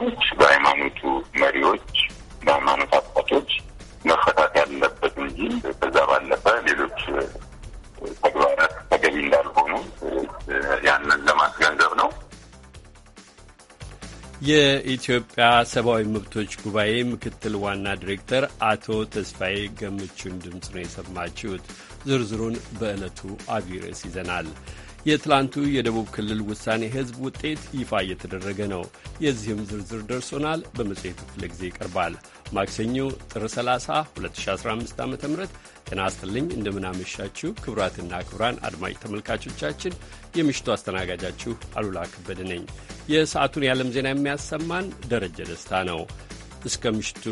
ሰዎች፣ በሃይማኖቱ መሪዎች፣ በሃይማኖት አባቶች መፈታት ያለበት እንጂ ከዛ ባለፈ ሌሎች ተግባራት ተገቢ እንዳልሆኑ ያንን ለማስገንዘብ ነው። የኢትዮጵያ ሰብአዊ መብቶች ጉባኤ ምክትል ዋና ዲሬክተር አቶ ተስፋዬ ገምቹን ድምፅ ነው የሰማችሁት። ዝርዝሩን በዕለቱ አቢይ ርዕስ ይዘናል። የትላንቱ የደቡብ ክልል ውሳኔ ህዝብ ውጤት ይፋ እየተደረገ ነው። የዚህም ዝርዝር ደርሶናል፣ በመጽሔቱ ክፍለ ጊዜ ይቀርባል። ማክሰኞ ጥር 30 2015 ዓ ም ጤና ይስጥልኝ። እንደምናመሻችሁ ክቡራትና ክቡራን አድማጭ ተመልካቾቻችን የምሽቱ አስተናጋጃችሁ አሉላ ከበደ ነኝ። የሰዓቱን የዓለም ዜና የሚያሰማን ደረጀ ደስታ ነው። እስከ ምሽቱ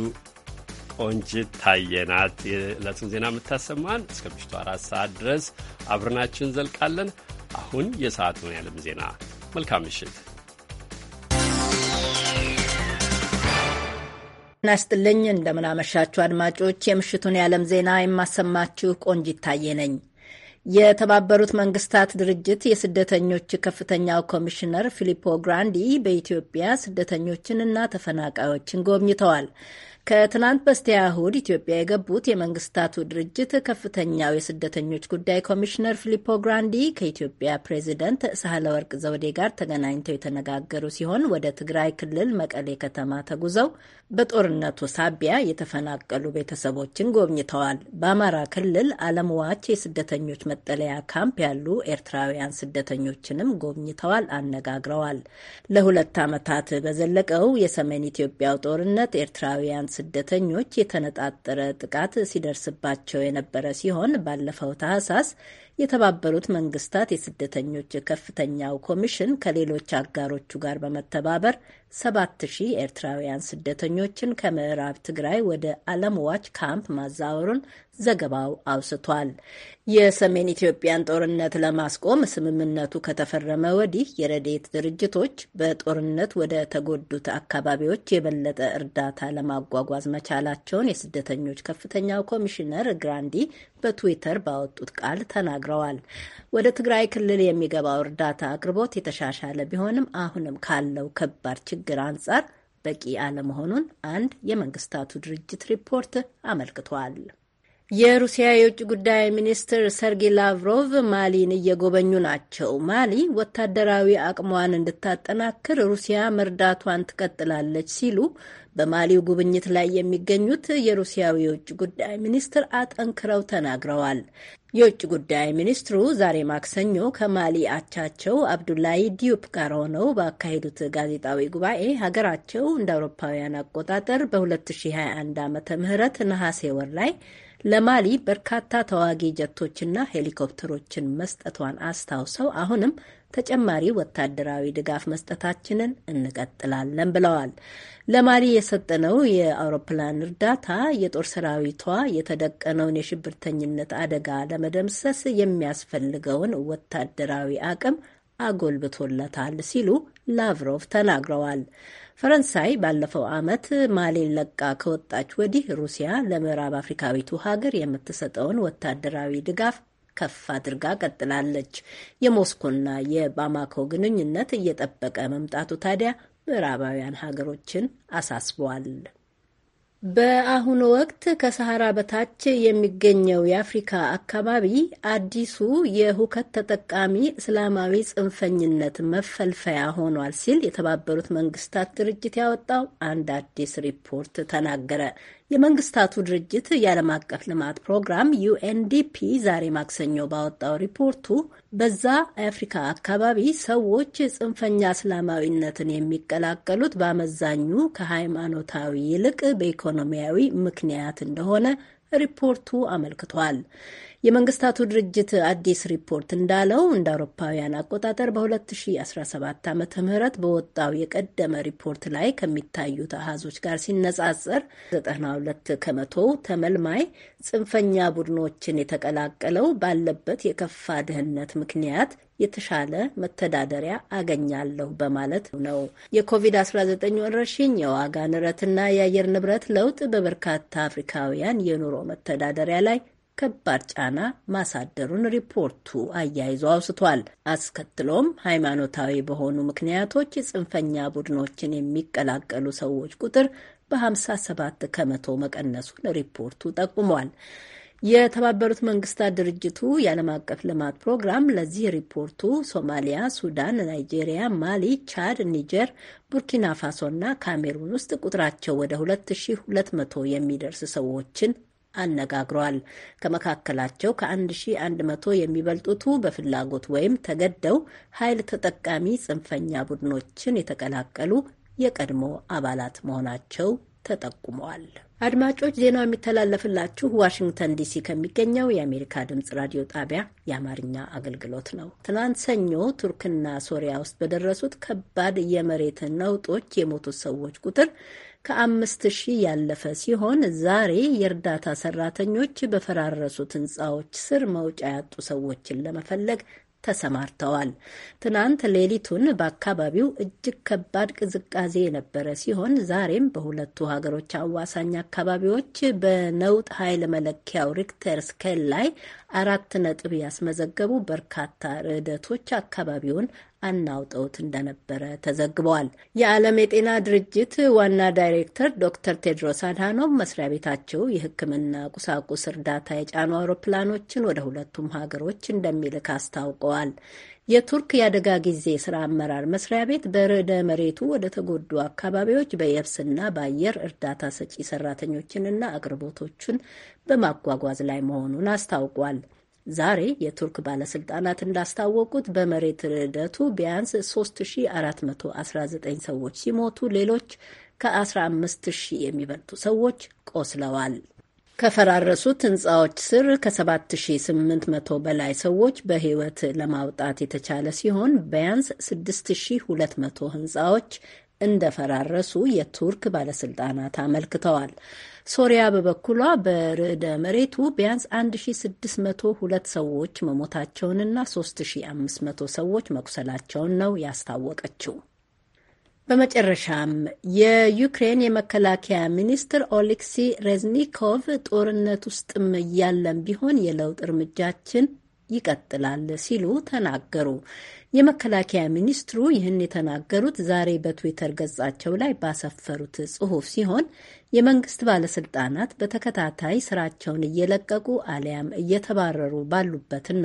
ቆንጅት ታየናት የዕለቱን ዜና የምታሰማን እስከ ምሽቱ አራት ሰዓት ድረስ አብረናችን ዘልቃለን። አሁን የሰዓቱን የዓለም ዜና። መልካም ምሽት ናስጥልኝ። እንደምናመሻችሁ አድማጮች፣ የምሽቱን የዓለም ዜና የማሰማችሁ ቆንጅ ይታየ ነኝ። የተባበሩት መንግስታት ድርጅት የስደተኞች ከፍተኛው ኮሚሽነር ፊሊፖ ግራንዲ በኢትዮጵያ ስደተኞችንና ተፈናቃዮችን ጎብኝተዋል። ከትናንት በስቲያ እሁድ ኢትዮጵያ የገቡት የመንግስታቱ ድርጅት ከፍተኛው የስደተኞች ጉዳይ ኮሚሽነር ፊሊፖ ግራንዲ ከኢትዮጵያ ፕሬዚደንት ሳህለ ወርቅ ዘውዴ ጋር ተገናኝተው የተነጋገሩ ሲሆን ወደ ትግራይ ክልል መቀሌ ከተማ ተጉዘው በጦርነቱ ሳቢያ የተፈናቀሉ ቤተሰቦችን ጎብኝተዋል። በአማራ ክልል አለም ዋች የስደተኞች መጠለያ ካምፕ ያሉ ኤርትራውያን ስደተኞችንም ጎብኝተዋል፣ አነጋግረዋል። ለሁለት ዓመታት በዘለቀው የሰሜን ኢትዮጵያው ጦርነት ኤርትራውያን ስደተኞች የተነጣጠረ ጥቃት ሲደርስባቸው የነበረ ሲሆን ባለፈው ታህሳስ የተባበሩት መንግስታት የስደተኞች ከፍተኛው ኮሚሽን ከሌሎች አጋሮቹ ጋር በመተባበር ሰባት ሺህ ኤርትራውያን ስደተኞችን ከምዕራብ ትግራይ ወደ አለምዋች ካምፕ ማዛወሩን ዘገባው አውስቷል። የሰሜን ኢትዮጵያን ጦርነት ለማስቆም ስምምነቱ ከተፈረመ ወዲህ የረዴት ድርጅቶች በጦርነት ወደ ተጎዱት አካባቢዎች የበለጠ እርዳታ ለማጓጓዝ መቻላቸውን የስደተኞች ከፍተኛው ኮሚሽነር ግራንዲ በትዊተር ባወጡት ቃል ተናግረዋል። ወደ ትግራይ ክልል የሚገባው እርዳታ አቅርቦት የተሻሻለ ቢሆንም አሁንም ካለው ከባድ ችግር አንጻር በቂ አለመሆኑን አንድ የመንግስታቱ ድርጅት ሪፖርት አመልክቷል። የሩሲያ የውጭ ጉዳይ ሚኒስትር ሰርጌይ ላቭሮቭ ማሊን እየጎበኙ ናቸው። ማሊ ወታደራዊ አቅሟን እንድታጠናክር ሩሲያ መርዳቷን ትቀጥላለች ሲሉ በማሊው ጉብኝት ላይ የሚገኙት የሩሲያው የውጭ ጉዳይ ሚኒስትር አጠንክረው ተናግረዋል። የውጭ ጉዳይ ሚኒስትሩ ዛሬ ማክሰኞ ከማሊ አቻቸው አብዱላይ ዲዩፕ ጋር ሆነው ባካሄዱት ጋዜጣዊ ጉባኤ ሀገራቸው እንደ አውሮፓውያን አቆጣጠር በ2021 ዓ ም ነሐሴ ወር ላይ ለማሊ በርካታ ተዋጊ ጀቶችና ሄሊኮፕተሮችን መስጠቷን አስታውሰው አሁንም ተጨማሪ ወታደራዊ ድጋፍ መስጠታችንን እንቀጥላለን ብለዋል። ለማሊ የሰጠነው የአውሮፕላን እርዳታ የጦር ሰራዊቷ የተደቀነውን የሽብርተኝነት አደጋ ለመደምሰስ የሚያስፈልገውን ወታደራዊ አቅም አጎልብቶለታል ሲሉ ላቭሮቭ ተናግረዋል። ፈረንሳይ ባለፈው ዓመት ማሌን ለቃ ከወጣች ወዲህ ሩሲያ ለምዕራብ አፍሪካዊቱ ሀገር የምትሰጠውን ወታደራዊ ድጋፍ ከፍ አድርጋ ቀጥላለች። የሞስኮና የባማኮ ግንኙነት እየጠበቀ መምጣቱ ታዲያ ምዕራባውያን ሀገሮችን አሳስቧል። በአሁኑ ወቅት ከሰሃራ በታች የሚገኘው የአፍሪካ አካባቢ አዲሱ የሁከት ተጠቃሚ እስላማዊ ጽንፈኝነት መፈልፈያ ሆኗል ሲል የተባበሩት መንግስታት ድርጅት ያወጣው አንድ አዲስ ሪፖርት ተናገረ። የመንግስታቱ ድርጅት የዓለም አቀፍ ልማት ፕሮግራም ዩኤንዲፒ ዛሬ ማክሰኞ ባወጣው ሪፖርቱ በዛ አፍሪካ አካባቢ ሰዎች ጽንፈኛ እስላማዊነትን የሚቀላቀሉት በአመዛኙ ከሃይማኖታዊ ይልቅ በኢኮኖሚያዊ ምክንያት እንደሆነ ሪፖርቱ አመልክቷል። የመንግስታቱ ድርጅት አዲስ ሪፖርት እንዳለው እንደ አውሮፓውያን አቆጣጠር በ2017 ዓ ም በወጣው የቀደመ ሪፖርት ላይ ከሚታዩት አሃዞች ጋር ሲነጻጸር 92 ከመቶ ተመልማይ ጽንፈኛ ቡድኖችን የተቀላቀለው ባለበት የከፋ ድህነት ምክንያት የተሻለ መተዳደሪያ አገኛለሁ በማለት ነው። የኮቪድ-19 ወረርሽኝ፣ የዋጋ ንረትና የአየር ንብረት ለውጥ በበርካታ አፍሪካውያን የኑሮ መተዳደሪያ ላይ ከባድ ጫና ማሳደሩን ሪፖርቱ አያይዞ አውስቷል። አስከትሎም ሃይማኖታዊ በሆኑ ምክንያቶች ጽንፈኛ ቡድኖችን የሚቀላቀሉ ሰዎች ቁጥር በ57 ከመቶ መቀነሱን ሪፖርቱ ጠቁሟል። የተባበሩት መንግስታት ድርጅቱ የዓለም አቀፍ ልማት ፕሮግራም ለዚህ ሪፖርቱ ሶማሊያ፣ ሱዳን፣ ናይጄሪያ፣ ማሊ፣ ቻድ፣ ኒጀር፣ ቡርኪና እና ካሜሩን ውስጥ ቁጥራቸው ወደ 2200 የሚደርስ ሰዎችን አነጋግሯል። ከመካከላቸው ከ1100 የሚበልጡቱ በፍላጎት ወይም ተገደው ኃይል ተጠቃሚ ጽንፈኛ ቡድኖችን የተቀላቀሉ የቀድሞ አባላት መሆናቸው ተጠቁመዋል። አድማጮች ዜናው የሚተላለፍላችሁ ዋሽንግተን ዲሲ ከሚገኘው የአሜሪካ ድምጽ ራዲዮ ጣቢያ የአማርኛ አገልግሎት ነው። ትናንት ሰኞ ቱርክና ሶሪያ ውስጥ በደረሱት ከባድ የመሬት ነውጦች የሞቱት ሰዎች ቁጥር ከአምስት ሺህ ያለፈ ሲሆን ዛሬ የእርዳታ ሰራተኞች በፈራረሱት ህንፃዎች ስር መውጫ ያጡ ሰዎችን ለመፈለግ ተሰማርተዋል። ትናንት ሌሊቱን በአካባቢው እጅግ ከባድ ቅዝቃዜ የነበረ ሲሆን ዛሬም በሁለቱ ሀገሮች አዋሳኝ አካባቢዎች በነውጥ ኃይል መለኪያው ሪክተር ስኬል ላይ አራት ነጥብ ያስመዘገቡ በርካታ ርዕደቶች አካባቢውን አናውጠውት እንደነበረ ተዘግበዋል። የዓለም የጤና ድርጅት ዋና ዳይሬክተር ዶክተር ቴድሮስ አድሃኖም መስሪያ ቤታቸው የሕክምና ቁሳቁስ እርዳታ የጫኑ አውሮፕላኖችን ወደ ሁለቱም ሀገሮች እንደሚልክ አስታውቀዋል። የቱርክ የአደጋ ጊዜ ስራ አመራር መስሪያ ቤት በርዕደ መሬቱ ወደ ተጎዱ አካባቢዎች በየብስና በአየር እርዳታ ሰጪ ሰራተኞችንና አቅርቦቶችን በማጓጓዝ ላይ መሆኑን አስታውቋል። ዛሬ የቱርክ ባለስልጣናት እንዳስታወቁት በመሬት ርዕደቱ ቢያንስ 3419 ሰዎች ሲሞቱ ሌሎች ከ15000 የሚበልጡ ሰዎች ቆስለዋል። ከፈራረሱት ህንፃዎች ስር ከ7800 በላይ ሰዎች በህይወት ለማውጣት የተቻለ ሲሆን ቢያንስ 6200 ህንፃዎች እንደፈራረሱ የቱርክ ባለስልጣናት አመልክተዋል። ሶሪያ በበኩሏ በርዕደ መሬቱ ቢያንስ 1602 ሰዎች መሞታቸውንና 3500 ሰዎች መቁሰላቸውን ነው ያስታወቀችው። በመጨረሻም የዩክሬን የመከላከያ ሚኒስትር ኦሌክሲ ሬዝኒኮቭ ጦርነት ውስጥም እያለን ቢሆን የለውጥ እርምጃችን ይቀጥላል ሲሉ ተናገሩ። የመከላከያ ሚኒስትሩ ይህን የተናገሩት ዛሬ በትዊተር ገጻቸው ላይ ባሰፈሩት ጽሑፍ ሲሆን የመንግስት ባለስልጣናት በተከታታይ ስራቸውን እየለቀቁ አሊያም እየተባረሩ ባሉበትና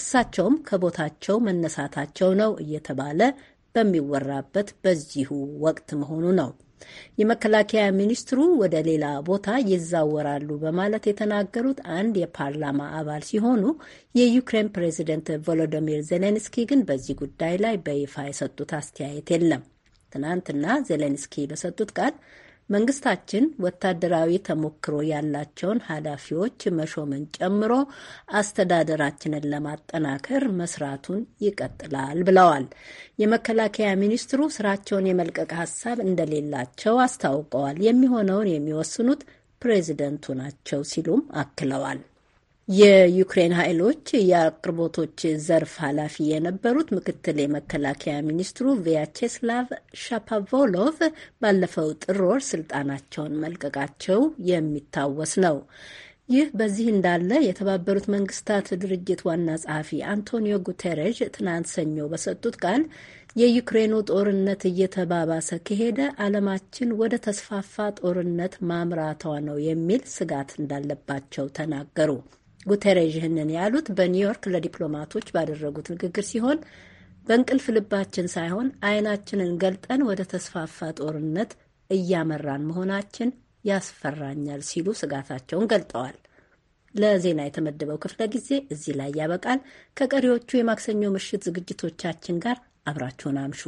እሳቸውም ከቦታቸው መነሳታቸው ነው እየተባለ በሚወራበት በዚሁ ወቅት መሆኑ ነው። የመከላከያ ሚኒስትሩ ወደ ሌላ ቦታ ይዛወራሉ በማለት የተናገሩት አንድ የፓርላማ አባል ሲሆኑ የዩክሬን ፕሬዚደንት ቮሎዶሚር ዜሌንስኪ ግን በዚህ ጉዳይ ላይ በይፋ የሰጡት አስተያየት የለም። ትናንትና ዜሌንስኪ በሰጡት ቃል መንግስታችን ወታደራዊ ተሞክሮ ያላቸውን ኃላፊዎች መሾምን ጨምሮ አስተዳደራችንን ለማጠናከር መስራቱን ይቀጥላል ብለዋል። የመከላከያ ሚኒስትሩ ስራቸውን የመልቀቅ ሀሳብ እንደሌላቸው አስታውቀዋል። የሚሆነውን የሚወስኑት ፕሬዚደንቱ ናቸው ሲሉም አክለዋል። የዩክሬን ኃይሎች የአቅርቦቶች ዘርፍ ኃላፊ የነበሩት ምክትል የመከላከያ ሚኒስትሩ ቪያቼስላቭ ሻፓቮሎቭ ባለፈው ጥር ወር ስልጣናቸውን መልቀቃቸው የሚታወስ ነው። ይህ በዚህ እንዳለ የተባበሩት መንግስታት ድርጅት ዋና ጸሐፊ አንቶኒዮ ጉተረዥ ትናንት ሰኞ በሰጡት ቃል የዩክሬኑ ጦርነት እየተባባሰ ከሄደ ዓለማችን ወደ ተስፋፋ ጦርነት ማምራቷ ነው የሚል ስጋት እንዳለባቸው ተናገሩ። ጉተረዥ ይህንን ያሉት በኒውዮርክ ለዲፕሎማቶች ባደረጉት ንግግር ሲሆን በእንቅልፍ ልባችን ሳይሆን አይናችንን ገልጠን ወደ ተስፋፋ ጦርነት እያመራን መሆናችን ያስፈራኛል ሲሉ ስጋታቸውን ገልጠዋል። ለዜና የተመደበው ክፍለ ጊዜ እዚህ ላይ ያበቃል። ከቀሪዎቹ የማክሰኞ ምሽት ዝግጅቶቻችን ጋር አብራችሁን አምሹ።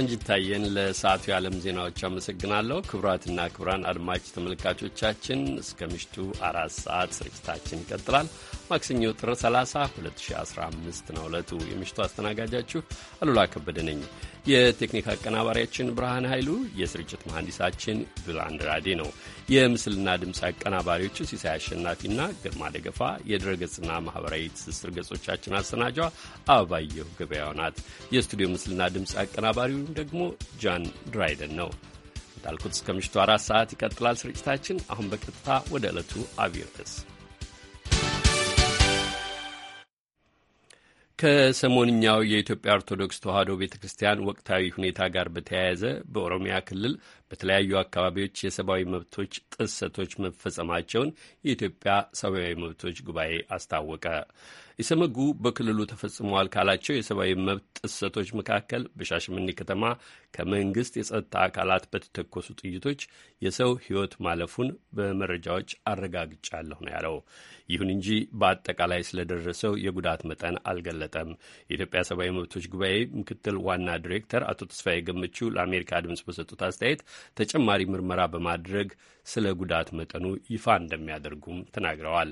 ቆንጅታየን ለሰዓቱ የዓለም ዜናዎች አመሰግናለሁ። ክቡራትና ክቡራን አድማጭ ተመልካቾቻችን እስከ ምሽቱ አራት ሰዓት ስርጭታችን ይቀጥላል። ማክሰኞ ጥር 30 2015 ነው ዕለቱ። የምሽቱ አስተናጋጃችሁ አሉላ ከበደ ነኝ። የቴክኒክ አቀናባሪያችን ብርሃን ኃይሉ፣ የስርጭት መሐንዲሳችን ብላንድራዴ ነው። የምስልና ድምፅ አቀናባሪዎቹ ሲሳይ አሸናፊና ግርማ ደገፋ፣ የድረገጽና ማኅበራዊ ትስስር ገጾቻችን አሰናጇ አበባየሁ ገበያው ናት። የስቱዲዮ ምስልና ድምፅ አቀናባሪውም ደግሞ ጃን ድራይደን ነው። እንዳልኩት እስከ ምሽቱ አራት ሰዓት ይቀጥላል ስርጭታችን። አሁን በቀጥታ ወደ ዕለቱ አብይ ርዕስ ከሰሞንኛው የኢትዮጵያ ኦርቶዶክስ ተዋሕዶ ቤተ ክርስቲያን ወቅታዊ ሁኔታ ጋር በተያያዘ በኦሮሚያ ክልል በተለያዩ አካባቢዎች የሰብአዊ መብቶች ጥሰቶች መፈጸማቸውን የኢትዮጵያ ሰብአዊ መብቶች ጉባኤ አስታወቀ። ኢሰመጉ በክልሉ ተፈጽመዋል ካላቸው የሰብአዊ መብት ጥሰቶች መካከል በሻሸመኔ ከተማ ከመንግስት የጸጥታ አካላት በተተኮሱ ጥይቶች የሰው ሕይወት ማለፉን በመረጃዎች አረጋግጫለሁ ነው ያለው። ይሁን እንጂ በአጠቃላይ ስለደረሰው የጉዳት መጠን አልገለጠም። የኢትዮጵያ ሰብአዊ መብቶች ጉባኤ ምክትል ዋና ዲሬክተር አቶ ተስፋዬ ገመቹ ለአሜሪካ ድምፅ በሰጡት አስተያየት ተጨማሪ ምርመራ በማድረግ ስለ ጉዳት መጠኑ ይፋ እንደሚያደርጉም ተናግረዋል።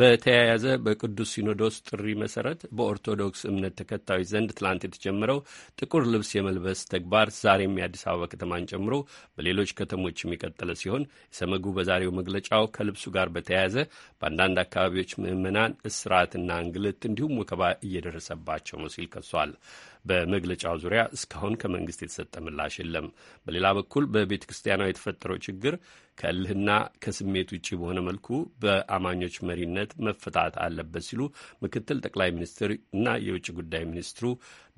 በተያያዘ በቅዱስ ሲኖዶስ ጥሪ መሰረት በኦርቶዶክስ እምነት ተከታዮች ዘንድ ትላንት የተጀመረው ጥቁር ልብስ የመልበስ ተግባር ዛሬም የአዲስ አበባ ከተማን ጨምሮ በሌሎች ከተሞች የሚቀጥለ ሲሆን የሰመጉ በዛሬው መግለጫው ከልብሱ ጋር በተያያዘ በአንዳንድ አካባቢዎች ምዕመናን እስራትና እንግልት እንዲሁም ወከባ እየደረሰባቸው ነው ሲል ከሷል። በመግለጫው ዙሪያ እስካሁን ከመንግስት የተሰጠ ምላሽ የለም። በሌላ በኩል በቤተ ክርስቲያኗ የተፈጠረው ችግር ከእልህና ከስሜት ውጭ በሆነ መልኩ በአማኞች መሪነት መፈታት አለበት ሲሉ ምክትል ጠቅላይ ሚኒስትር እና የውጭ ጉዳይ ሚኒስትሩ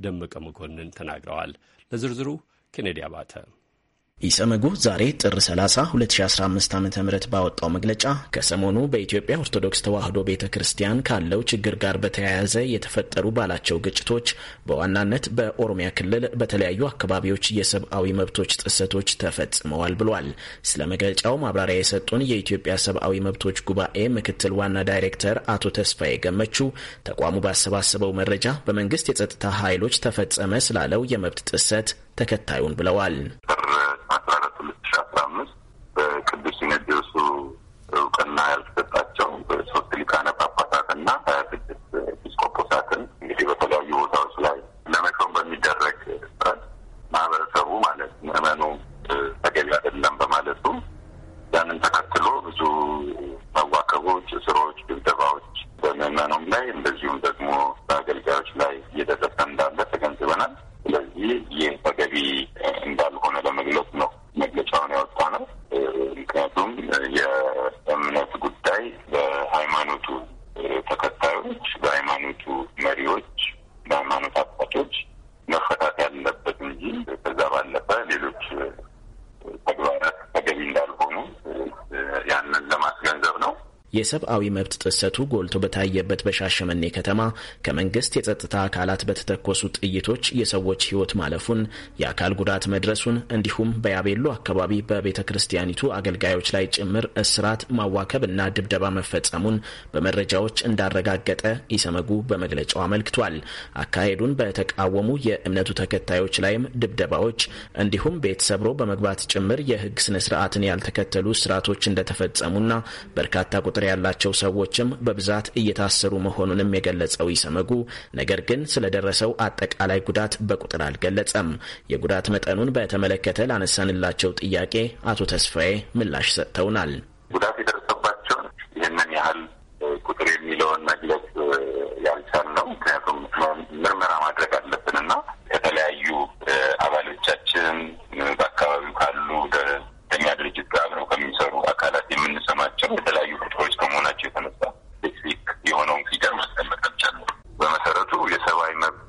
ደመቀ መኮንን ተናግረዋል። ለዝርዝሩ ኬኔዲ አባተ ኢሰመጉ ዛሬ ጥር 30 2015 ዓ ም ባወጣው መግለጫ ከሰሞኑ በኢትዮጵያ ኦርቶዶክስ ተዋሕዶ ቤተ ክርስቲያን ካለው ችግር ጋር በተያያዘ የተፈጠሩ ባላቸው ግጭቶች በዋናነት በኦሮሚያ ክልል በተለያዩ አካባቢዎች የሰብአዊ መብቶች ጥሰቶች ተፈጽመዋል ብሏል። ስለ መግለጫው ማብራሪያ የሰጡን የኢትዮጵያ ሰብአዊ መብቶች ጉባኤ ምክትል ዋና ዳይሬክተር አቶ ተስፋዬ ገመቹ ተቋሙ ባሰባሰበው መረጃ በመንግስት የጸጥታ ኃይሎች ተፈጸመ ስላለው የመብት ጥሰት ተከታዩን ብለዋል። አስራ አራት ሁለት ሺ አስራ አምስት በቅዱስ ሲኖዶሱ እውቅና ያልተሰጣቸው ሶስት ሊቃነ ጳጳሳት እና ሀያ ስድስት ኤጲስቆጶሳትን እንግዲህ በተለያዩ ቦታዎች ላይ ለመሾም በሚደረግ ጥረት ማህበረሰቡ ማለት ምዕመኑ ተገቢ አይደለም በማለቱ ያንን ተከትሎ ብዙ መዋከቦች፣ እስሮች፣ ድብደባዎች በምዕመኑም ላይ እንደዚሁም ደግሞ በአገልጋዮች ላይ እየደ የሰብአዊ መብት ጥሰቱ ጎልቶ በታየበት በሻሸመኔ ከተማ ከመንግስት የጸጥታ አካላት በተተኮሱ ጥይቶች የሰዎች ህይወት ማለፉን፣ የአካል ጉዳት መድረሱን እንዲሁም በያቤሎ አካባቢ በቤተ ክርስቲያኒቱ አገልጋዮች ላይ ጭምር እስራት፣ ማዋከብና ድብደባ መፈጸሙን በመረጃዎች እንዳረጋገጠ ኢሰመጉ በመግለጫው አመልክቷል። አካሄዱን በተቃወሙ የእምነቱ ተከታዮች ላይም ድብደባዎች እንዲሁም ቤት ሰብሮ በመግባት ጭምር የህግ ስነስርዓትን ያልተከተሉ ስርዓቶች እንደተፈጸሙና በርካታ ቁጥር ያላቸው ሰዎችም በብዛት እየታሰሩ መሆኑንም የገለጸው ይሰመጉ ነገር ግን ስለደረሰው አጠቃላይ ጉዳት በቁጥር አልገለጸም። የጉዳት መጠኑን በተመለከተ ላነሳንላቸው ጥያቄ አቶ ተስፋዬ ምላሽ ሰጥተውናል። ጉዳት የደረሰባቸውን ይህንን ያህል ቁጥር የሚለውን መግለጽ ነው። ምክንያቱም ምርመራ ማድረግ አለብንና ከተለያዩ አባሎቻችን በአካባቢው ካሉ ሁለተኛ ድርጅት ጋር አብረው ከሚሰሩ አካላት የምንሰማቸው የተለያዩ ቁጥሮች ከመሆናቸው የተነሳ ስፔሲፊክ የሆነውን ፊገር ማስቀመጥ አልቻለም። በመሰረቱ የሰብአዊ መብት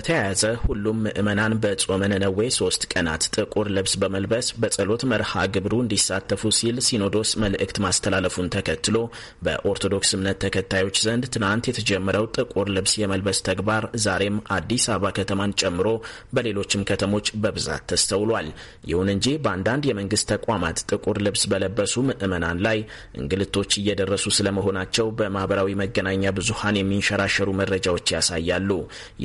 በተያያዘ ሁሉም ምዕመናን በጾመ ነነዌ ሶስት ቀናት ጥቁር ልብስ በመልበስ በጸሎት መርሃ ግብሩ እንዲሳተፉ ሲል ሲኖዶስ መልእክት ማስተላለፉን ተከትሎ በኦርቶዶክስ እምነት ተከታዮች ዘንድ ትናንት የተጀመረው ጥቁር ልብስ የመልበስ ተግባር ዛሬም አዲስ አበባ ከተማን ጨምሮ በሌሎችም ከተሞች በብዛት ተስተውሏል። ይሁን እንጂ በአንዳንድ የመንግስት ተቋማት ጥቁር ልብስ በለበሱ ምዕመናን ላይ እንግልቶች እየደረሱ ስለመሆናቸው በማህበራዊ መገናኛ ብዙሃን የሚንሸራሸሩ መረጃዎች ያሳያሉ።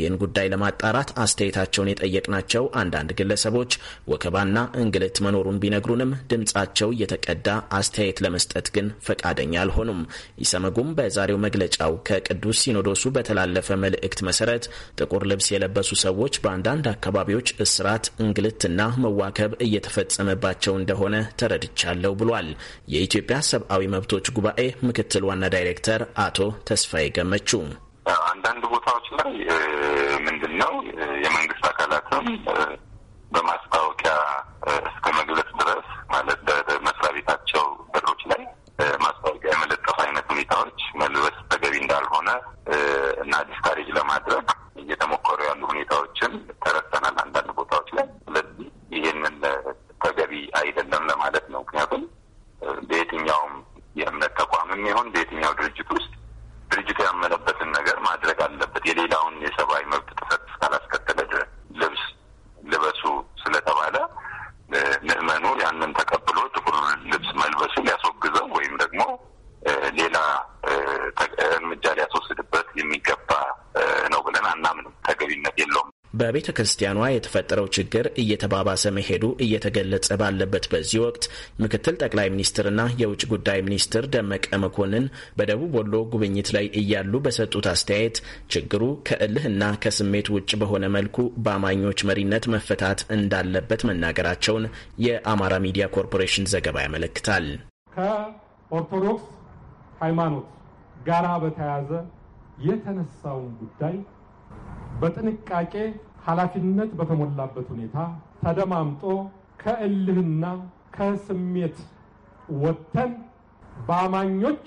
ይህን ጉዳይ ለማ በማጣራት አስተያየታቸውን የጠየቅናቸው አንዳንድ ግለሰቦች ወከባና እንግልት መኖሩን ቢነግሩንም ድምጻቸው እየተቀዳ አስተያየት ለመስጠት ግን ፈቃደኛ አልሆኑም። ኢሰመጉም በዛሬው መግለጫው ከቅዱስ ሲኖዶሱ በተላለፈ መልእክት መሰረት ጥቁር ልብስ የለበሱ ሰዎች በአንዳንድ አካባቢዎች እስራት፣ እንግልትና መዋከብ እየተፈጸመባቸው እንደሆነ ተረድቻለሁ ብሏል። የኢትዮጵያ ሰብአዊ መብቶች ጉባኤ ምክትል ዋና ዳይሬክተር አቶ ተስፋዬ ገመቹ አንዳንድ ቦታዎች ላይ ምንድን ነው የመንግስት አካላትም በማስታወቂያ እስከ መግለጽ ድረስ ማለት በመስሪያ ቤታቸው በሮች ላይ ማስታወቂያ የመለጠፍ አይነት ሁኔታዎች መልበስ ተገቢ እንዳልሆነ እና ዲስካሬጅ ለማድረግ እየተሞከሩ ያሉ ሁኔታዎችን ተረተናል አንዳንድ ቦታዎች ላይ። ስለዚህ ይህንን ተገቢ አይደለም ለማለት ነው። ምክንያቱም በየትኛውም የእምነት ተቋምም ይሁን በየትኛው ድርጅት ውስጥ ድርጅቱ ያመነበትን ነገር ማድረግ አለበት። የሌላውን የሰብአዊ መብት ጥሰት እስካላስከተለ ድረስ ልብስ ልበሱ ስለተባለ ምዕመኑ ያንን ተቀብሎ ጥቁር ልብስ መልበሱ ሊያስወግዘው ወይም ደግሞ ሌላ በቤተ ክርስቲያኗ የተፈጠረው ችግር እየተባባሰ መሄዱ እየተገለጸ ባለበት በዚህ ወቅት ምክትል ጠቅላይ ሚኒስትርና የውጭ ጉዳይ ሚኒስትር ደመቀ መኮንን በደቡብ ወሎ ጉብኝት ላይ እያሉ በሰጡት አስተያየት ችግሩ ከእልህና ከስሜት ውጭ በሆነ መልኩ በአማኞች መሪነት መፈታት እንዳለበት መናገራቸውን የአማራ ሚዲያ ኮርፖሬሽን ዘገባ ያመለክታል። ከኦርቶዶክስ ሃይማኖት ጋራ በተያያዘ የተነሳውን ጉዳይ በጥንቃቄ ኃላፊነት በተሞላበት ሁኔታ ተደማምጦ ከእልህና ከስሜት ወጥተን በአማኞች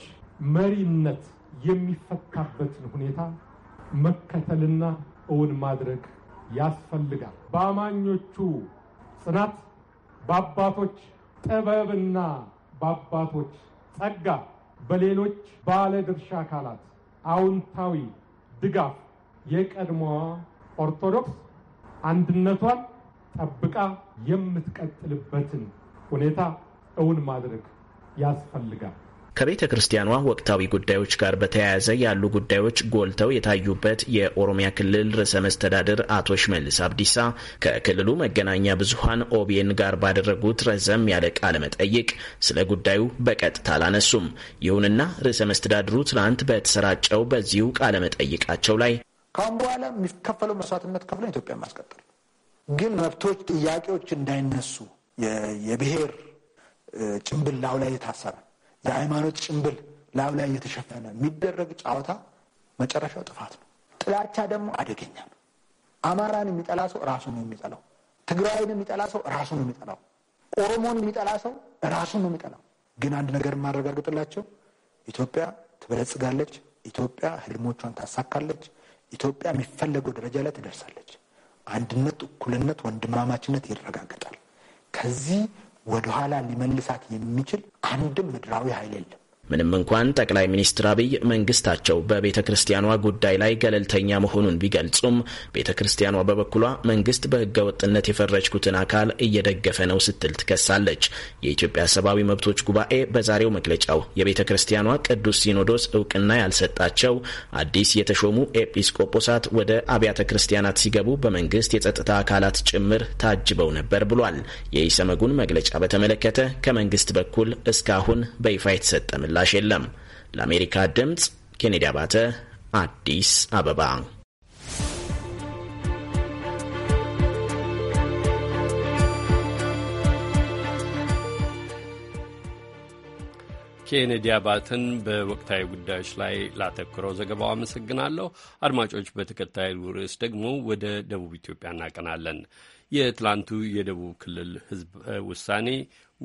መሪነት የሚፈታበትን ሁኔታ መከተልና እውን ማድረግ ያስፈልጋል። በአማኞቹ ጽናት፣ በአባቶች ጥበብና በአባቶች ጸጋ በሌሎች ባለድርሻ አካላት አውንታዊ ድጋፍ የቀድሞዋ ኦርቶዶክስ አንድነቷን ጠብቃ የምትቀጥልበትን ሁኔታ እውን ማድረግ ያስፈልጋል። ከቤተ ክርስቲያኗ ወቅታዊ ጉዳዮች ጋር በተያያዘ ያሉ ጉዳዮች ጎልተው የታዩበት የኦሮሚያ ክልል ርዕሰ መስተዳድር አቶ ሽመልስ አብዲሳ ከክልሉ መገናኛ ብዙኃን ኦቢኤን ጋር ባደረጉት ረዘም ያለ ቃለ መጠይቅ ስለ ጉዳዩ በቀጥታ አላነሱም። ይሁንና ርዕሰ መስተዳድሩ ትናንት በተሰራጨው በዚሁ ቃለ መጠይቃቸው ላይ ከአሁን በኋላ የሚከፈለው መስዋዕትነት ከፍሎ ኢትዮጵያ ማስቀጠል ግን መብቶች፣ ጥያቄዎች እንዳይነሱ የብሔር ጭንብል ላዩ ላይ የታሰረ የሃይማኖት ጭንብል ላዩ ላይ የተሸፈነ የሚደረግ ጨዋታ መጨረሻው ጥፋት ነው። ጥላቻ ደግሞ አደገኛ ነው። አማራን የሚጠላ ሰው ራሱ ነው የሚጠላው። ትግራይን የሚጠላ ሰው ራሱ ነው የሚጠላው። ኦሮሞን የሚጠላ ሰው ራሱ ነው የሚጠላው። ግን አንድ ነገር የማረጋግጥላቸው ኢትዮጵያ ትበለጽጋለች። ኢትዮጵያ ህልሞቿን ታሳካለች። ኢትዮጵያ የሚፈለገው ደረጃ ላይ ትደርሳለች። አንድነት፣ እኩልነት፣ ወንድማማችነት ይረጋገጣል። ከዚህ ወደኋላ ሊመልሳት የሚችል አንድም ምድራዊ ኃይል የለም። ምንም እንኳን ጠቅላይ ሚኒስትር አብይ መንግስታቸው በቤተ ክርስቲያኗ ጉዳይ ላይ ገለልተኛ መሆኑን ቢገልጹም ቤተ ክርስቲያኗ በበኩሏ መንግስት በህገ ወጥነት የፈረጅኩትን አካል እየደገፈ ነው ስትል ትከሳለች። የኢትዮጵያ ሰብአዊ መብቶች ጉባኤ በዛሬው መግለጫው የቤተ ክርስቲያኗ ቅዱስ ሲኖዶስ እውቅና ያልሰጣቸው አዲስ የተሾሙ ኤጲስቆጶሳት ወደ አብያተ ክርስቲያናት ሲገቡ በመንግስት የጸጥታ አካላት ጭምር ታጅበው ነበር ብሏል። የኢሰመጉን መግለጫ በተመለከተ ከመንግስት በኩል እስካሁን በይፋ የተሰጠ ምላሽ የለም። ለአሜሪካ ድምፅ ኬኔዲ አባተ አዲስ አበባ። ኬኔዲ አባተን በወቅታዊ ጉዳዮች ላይ ላተኩረው ዘገባው አመሰግናለሁ። አድማጮች፣ በተከታዩ ርዕስ ደግሞ ወደ ደቡብ ኢትዮጵያ እናቀናለን። የትላንቱ የደቡብ ክልል ህዝብ ውሳኔ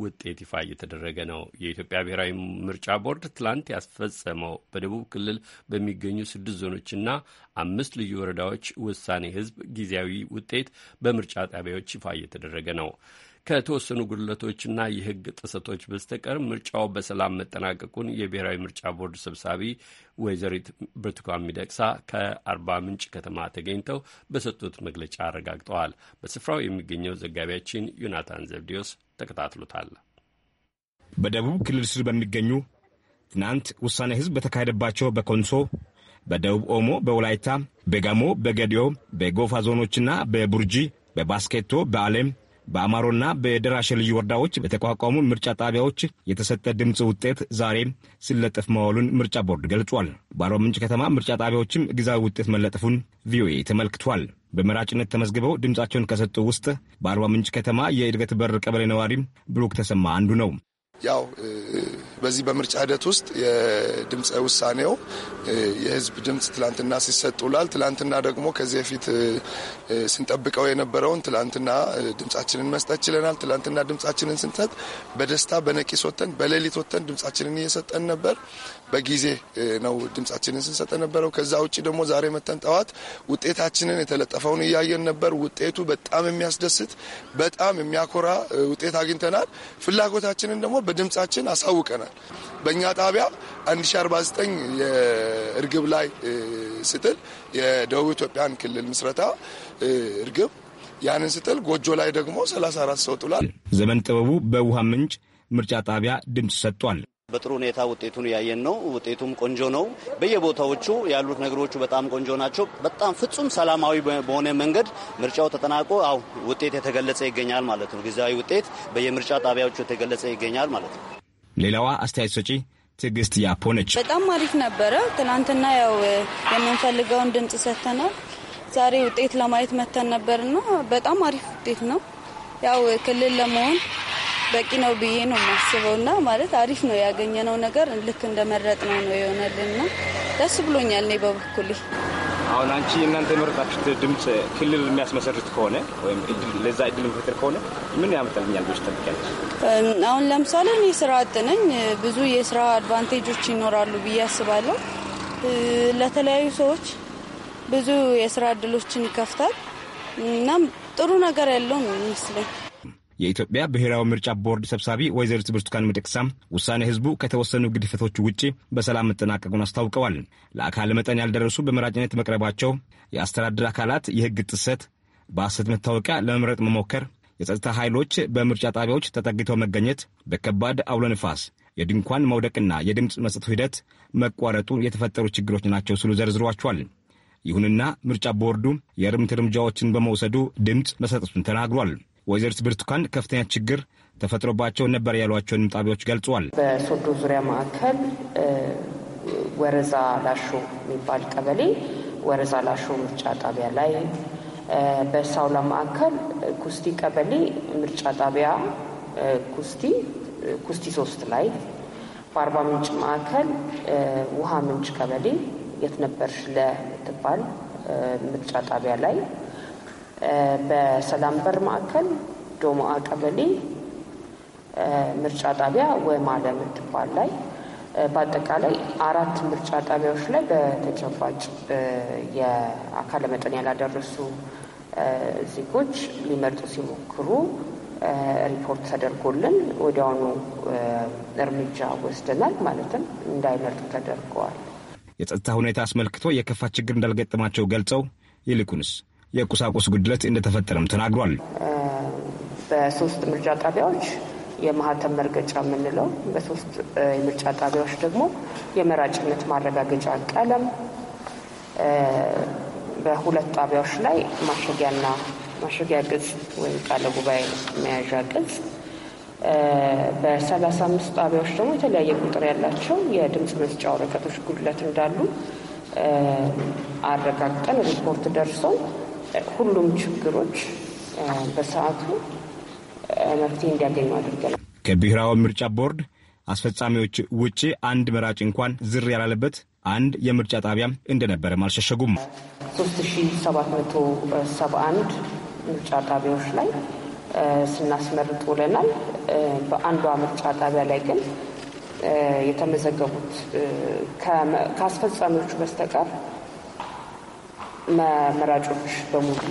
ውጤት ይፋ እየተደረገ ነው። የኢትዮጵያ ብሔራዊ ምርጫ ቦርድ ትላንት ያስፈጸመው በደቡብ ክልል በሚገኙ ስድስት ዞኖችና አምስት ልዩ ወረዳዎች ውሳኔ ህዝብ ጊዜያዊ ውጤት በምርጫ ጣቢያዎች ይፋ እየተደረገ ነው። ከተወሰኑ ጉድለቶችና የህግ ጥሰቶች በስተቀር ምርጫው በሰላም መጠናቀቁን የብሔራዊ ምርጫ ቦርድ ሰብሳቢ ወይዘሪት ብርቱካን ሚደቅሳ ከአርባ ምንጭ ከተማ ተገኝተው በሰጡት መግለጫ አረጋግጠዋል። በስፍራው የሚገኘው ዘጋቢያችን ዮናታን ዘብዲዮስ ተከታትሎታል። በደቡብ ክልል ስር በሚገኙ ትናንት ውሳኔ ህዝብ በተካሄደባቸው በኮንሶ፣ በደቡብ ኦሞ፣ በወላይታ፣ በጋሞ፣ በገዲዮ፣ በጎፋ ዞኖችና በቡርጂ፣ በባስኬቶ፣ በአሌም፣ በአማሮና በደራሸ ልዩ ወረዳዎች በተቋቋሙ ምርጫ ጣቢያዎች የተሰጠ ድምፅ ውጤት ዛሬ ሲለጠፍ መዋሉን ምርጫ ቦርድ ገልጿል። በአርባ ምንጭ ከተማ ምርጫ ጣቢያዎችም ጊዜያዊ ውጤት መለጠፉን ቪኦኤ ተመልክቷል። በመራጭነት ተመዝግበው ድምፃቸውን ከሰጡ ውስጥ በአርባ ምንጭ ከተማ የእድገት በር ቀበሌ ነዋሪም ብሩክ ተሰማ አንዱ ነው። ያው በዚህ በምርጫ ሂደት ውስጥ የድምፀ ውሳኔው የህዝብ ድምፅ ትላንትና ሲሰጥ ውሏል። ትላንትና ደግሞ ከዚህ በፊት ስንጠብቀው የነበረውን ትላንትና ድምፃችንን መስጠት ችለናል። ትላንትና ድምፃችንን ስንሰጥ በደስታ በነቂስ ወጥተን በሌሊት ወጥተን ድምፃችንን እየሰጠን ነበር። በጊዜ ነው ድምጻችንን ስንሰጥ ነበረው። ከዛ ውጭ ደግሞ ዛሬ መተን ጠዋት ውጤታችንን የተለጠፈውን እያየን ነበር። ውጤቱ በጣም የሚያስደስት በጣም የሚያኮራ ውጤት አግኝተናል። ፍላጎታችንን ደግሞ በድምጻችን አሳውቀናል። በእኛ ጣቢያ 1049 የእርግብ ላይ ስትል የደቡብ ኢትዮጵያን ክልል ምስረታ እርግብ ያንን ስትል ጎጆ ላይ ደግሞ 34 ሰው ጥሏል። ዘመን ጥበቡ በውሃ ምንጭ ምርጫ ጣቢያ ድምፅ ሰጥቷል። በጥሩ ሁኔታ ውጤቱን እያየን ነው። ውጤቱም ቆንጆ ነው። በየቦታዎቹ ያሉት ነገሮቹ በጣም ቆንጆ ናቸው። በጣም ፍጹም ሰላማዊ በሆነ መንገድ ምርጫው ተጠናቆ አው ውጤት የተገለጸ ይገኛል ማለት ነው። ጊዜያዊ ውጤት በየምርጫ ጣቢያዎቹ የተገለጸ ይገኛል ማለት ነው። ሌላዋ አስተያየት ሰጪ ትዕግስት ያፖ ነች። በጣም አሪፍ ነበረ። ትናንትና ያው የምንፈልገውን ድምጽ ሰጥተናል። ዛሬ ውጤት ለማየት መተን ነበርና በጣም አሪፍ ውጤት ነው። ያው ክልል ለመሆን በቂ ነው ብዬ ነው የማስበው። እና ማለት አሪፍ ነው ያገኘነው ነገር ልክ እንደመረጥ ነው ነው የሆነልን የሆነልና ደስ ብሎኛል። እኔ በበኩሌ አሁን አንቺ እናንተ የመረጣችሁት ድምፅ ክልል የሚያስመሰርት ከሆነ ወይም ለዛ እድል የሚፈጥር ከሆነ ምን ያመጣልኛል ብለሽ ትጠብቂያለሽ? አሁን ለምሳሌ እኔ ስራ አጥ ነኝ። ብዙ የስራ አድቫንቴጆች ይኖራሉ ብዬ አስባለሁ። ለተለያዩ ሰዎች ብዙ የስራ እድሎችን ይከፍታል። እናም ጥሩ ነገር ያለው ነው ይመስለኝ የኢትዮጵያ ብሔራዊ ምርጫ ቦርድ ሰብሳቢ ወይዘሪት ብርቱካን ሚደቅሳ ውሳኔ ህዝቡ ከተወሰኑ ግድፈቶች ውጭ በሰላም መጠናቀቁን አስታውቀዋል። ለአካል መጠን ያልደረሱ በመራጭነት መቅረባቸው፣ የአስተዳደር አካላት የህግ ጥሰት፣ በሐሰት መታወቂያ ለመምረጥ መሞከር፣ የጸጥታ ኃይሎች በምርጫ ጣቢያዎች ተጠግተው መገኘት፣ በከባድ አውሎ ንፋስ የድንኳን መውደቅና የድምፅ መስጠቱ ሂደት መቋረጡ የተፈጠሩ ችግሮች ናቸው ሲሉ ዘርዝሯቸዋል። ይሁንና ምርጫ ቦርዱ የእርምት እርምጃዎችን በመውሰዱ ድምፅ መሰጠቱን ተናግሯል። ወይዘሪት ብርቱካን ከፍተኛ ችግር ተፈጥሮባቸው ነበር ያሏቸውንም ጣቢያዎች ገልጿል። በሶዶ ዙሪያ ማዕከል ወረዛ ላሾ የሚባል ቀበሌ ወረዛ ላሾ ምርጫ ጣቢያ ላይ፣ በሳውላ ማዕከል ኩስቲ ቀበሌ ምርጫ ጣቢያ ኩስቲ ኩስቲ ሶስት ላይ፣ በአርባ ምንጭ ማዕከል ውሃ ምንጭ ቀበሌ የት ነበርሽ ለምትባል ምርጫ ጣቢያ ላይ በሰላም በር ማዕከል ዶማአ ቀበሌ ምርጫ ጣቢያ ወማለ ምትባል ላይ በአጠቃላይ አራት ምርጫ ጣቢያዎች ላይ በተጨባጭ የአካለ መጠን ያላደረሱ ዜጎች ሊመርጡ ሲሞክሩ ሪፖርት ተደርጎልን ወዲያውኑ እርምጃ ወስደናል። ማለትም እንዳይመርጡ ተደርገዋል። የጸጥታ ሁኔታ አስመልክቶ የከፋ ችግር እንዳልገጠማቸው ገልጸው ይልቁንስ የቁሳቁስ ጉድለት እንደተፈጠረም ተናግሯል። በሶስት ምርጫ ጣቢያዎች የማህተም መርገጫ የምንለው በሶስት የምርጫ ጣቢያዎች ደግሞ የመራጭነት ማረጋገጫ ቀለም፣ በሁለት ጣቢያዎች ላይ ማሸጊያና ማሸጊያ ቅጽ ወይም ቃለ ጉባኤ መያዣ ቅጽ፣ በሰላሳ አምስት ጣቢያዎች ደግሞ የተለያየ ቁጥር ያላቸው የድምፅ መስጫ ወረቀቶች ጉድለት እንዳሉ አረጋግጠን ሪፖርት ደርሰው። ሁሉም ችግሮች በሰዓቱ መፍትሄ እንዲያገኙ አድርገናል። ከብሔራዊ ምርጫ ቦርድ አስፈጻሚዎች ውጪ አንድ መራጭ እንኳን ዝር ያላለበት አንድ የምርጫ ጣቢያም እንደነበረም አልሸሸጉም። 3771 ምርጫ ጣቢያዎች ላይ ስናስመርጥ ውለናል። በአንዷ ምርጫ ጣቢያ ላይ ግን የተመዘገቡት ከአስፈጻሚዎቹ በስተቀር መራጮች በሙሉ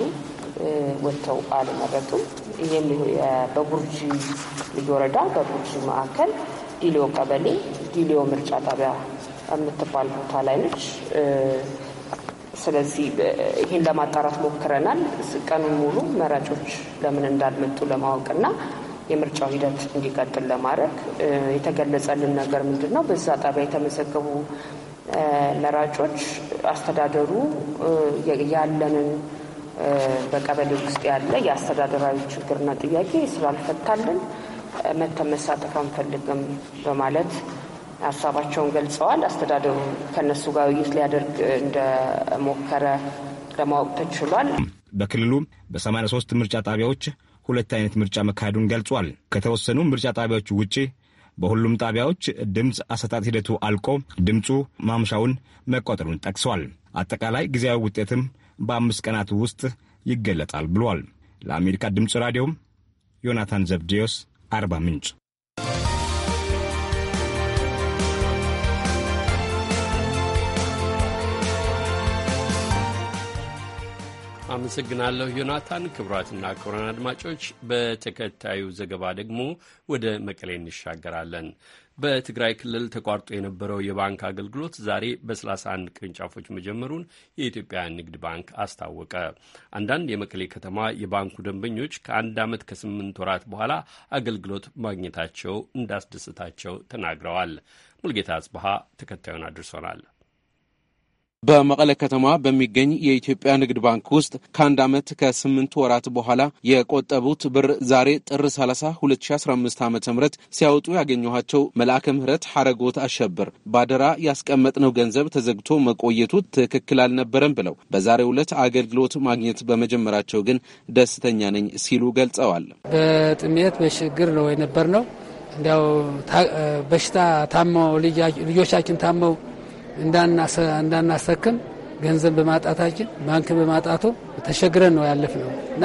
ወጥተው አልመረጡም። ይህም በቡርጂ ልዩ ወረዳ በቡርጂ ማዕከል ዲሊዮ ቀበሌ ዲሊዮ ምርጫ ጣቢያ የምትባል ቦታ ላይ ነች። ስለዚህ ይህን ለማጣራት ሞክረናል። ቀኑን ሙሉ መራጮች ለምን እንዳልመጡ ለማወቅና የምርጫው ሂደት እንዲቀጥል ለማድረግ የተገለጸልን ነገር ምንድን ነው? በዛ ጣቢያ የተመዘገቡ መራጮች አስተዳደሩ ያለንን በቀበሌ ውስጥ ያለ የአስተዳደራዊ ችግርና ጥያቄ ስላልፈታልን መተን መሳተፍ አንፈልግም በማለት ሀሳባቸውን ገልጸዋል። አስተዳደሩ ከነሱ ጋር ውይይት ሊያደርግ እንደሞከረ ለማወቅ ተችሏል። በክልሉ በ83 ምርጫ ጣቢያዎች ሁለት አይነት ምርጫ መካሄዱን ገልጿል። ከተወሰኑ ምርጫ ጣቢያዎች ውጪ። በሁሉም ጣቢያዎች ድምፅ አሰጣጥ ሂደቱ አልቆ ድምፁ ማምሻውን መቆጠሩን ጠቅሷል። አጠቃላይ ጊዜያዊ ውጤትም በአምስት ቀናት ውስጥ ይገለጣል ብሏል። ለአሜሪካ ድምፅ ራዲዮም ዮናታን ዘብዲዮስ አርባ ምንጭ አመሰግናለሁ ዮናታን። ክቡራትና ክቡራን አድማጮች በተከታዩ ዘገባ ደግሞ ወደ መቀሌ እንሻገራለን። በትግራይ ክልል ተቋርጦ የነበረው የባንክ አገልግሎት ዛሬ በ31 ቅርንጫፎች መጀመሩን የኢትዮጵያ ንግድ ባንክ አስታወቀ። አንዳንድ የመቀሌ ከተማ የባንኩ ደንበኞች ከአንድ ዓመት ከስምንት ወራት በኋላ አገልግሎት ማግኘታቸው እንዳስደሰታቸው ተናግረዋል። ሙልጌታ አጽብሃ ተከታዩን አድርሶናል። በመቀለ ከተማ በሚገኝ የኢትዮጵያ ንግድ ባንክ ውስጥ ከአንድ ዓመት ከስምንት ወራት በኋላ የቆጠቡት ብር ዛሬ ጥር 30 2015 ዓ ም ሲያወጡ ያገኘኋቸው መልአከ ምህረት ሐረጎት አሸብር ባደራ ያስቀመጥነው ገንዘብ ተዘግቶ መቆየቱ ትክክል አልነበረም ብለው በዛሬ ዕለት አገልግሎት ማግኘት በመጀመራቸው ግን ደስተኛ ነኝ ሲሉ ገልጸዋል። በጥሜት በችግር ነው የነበር ነው እንዲያው በሽታ ታመው ልጆቻችን ታመው እንዳናሰክም ገንዘብ በማጣታችን ባንክ በማጣቱ ተሸግረን ነው ነው እና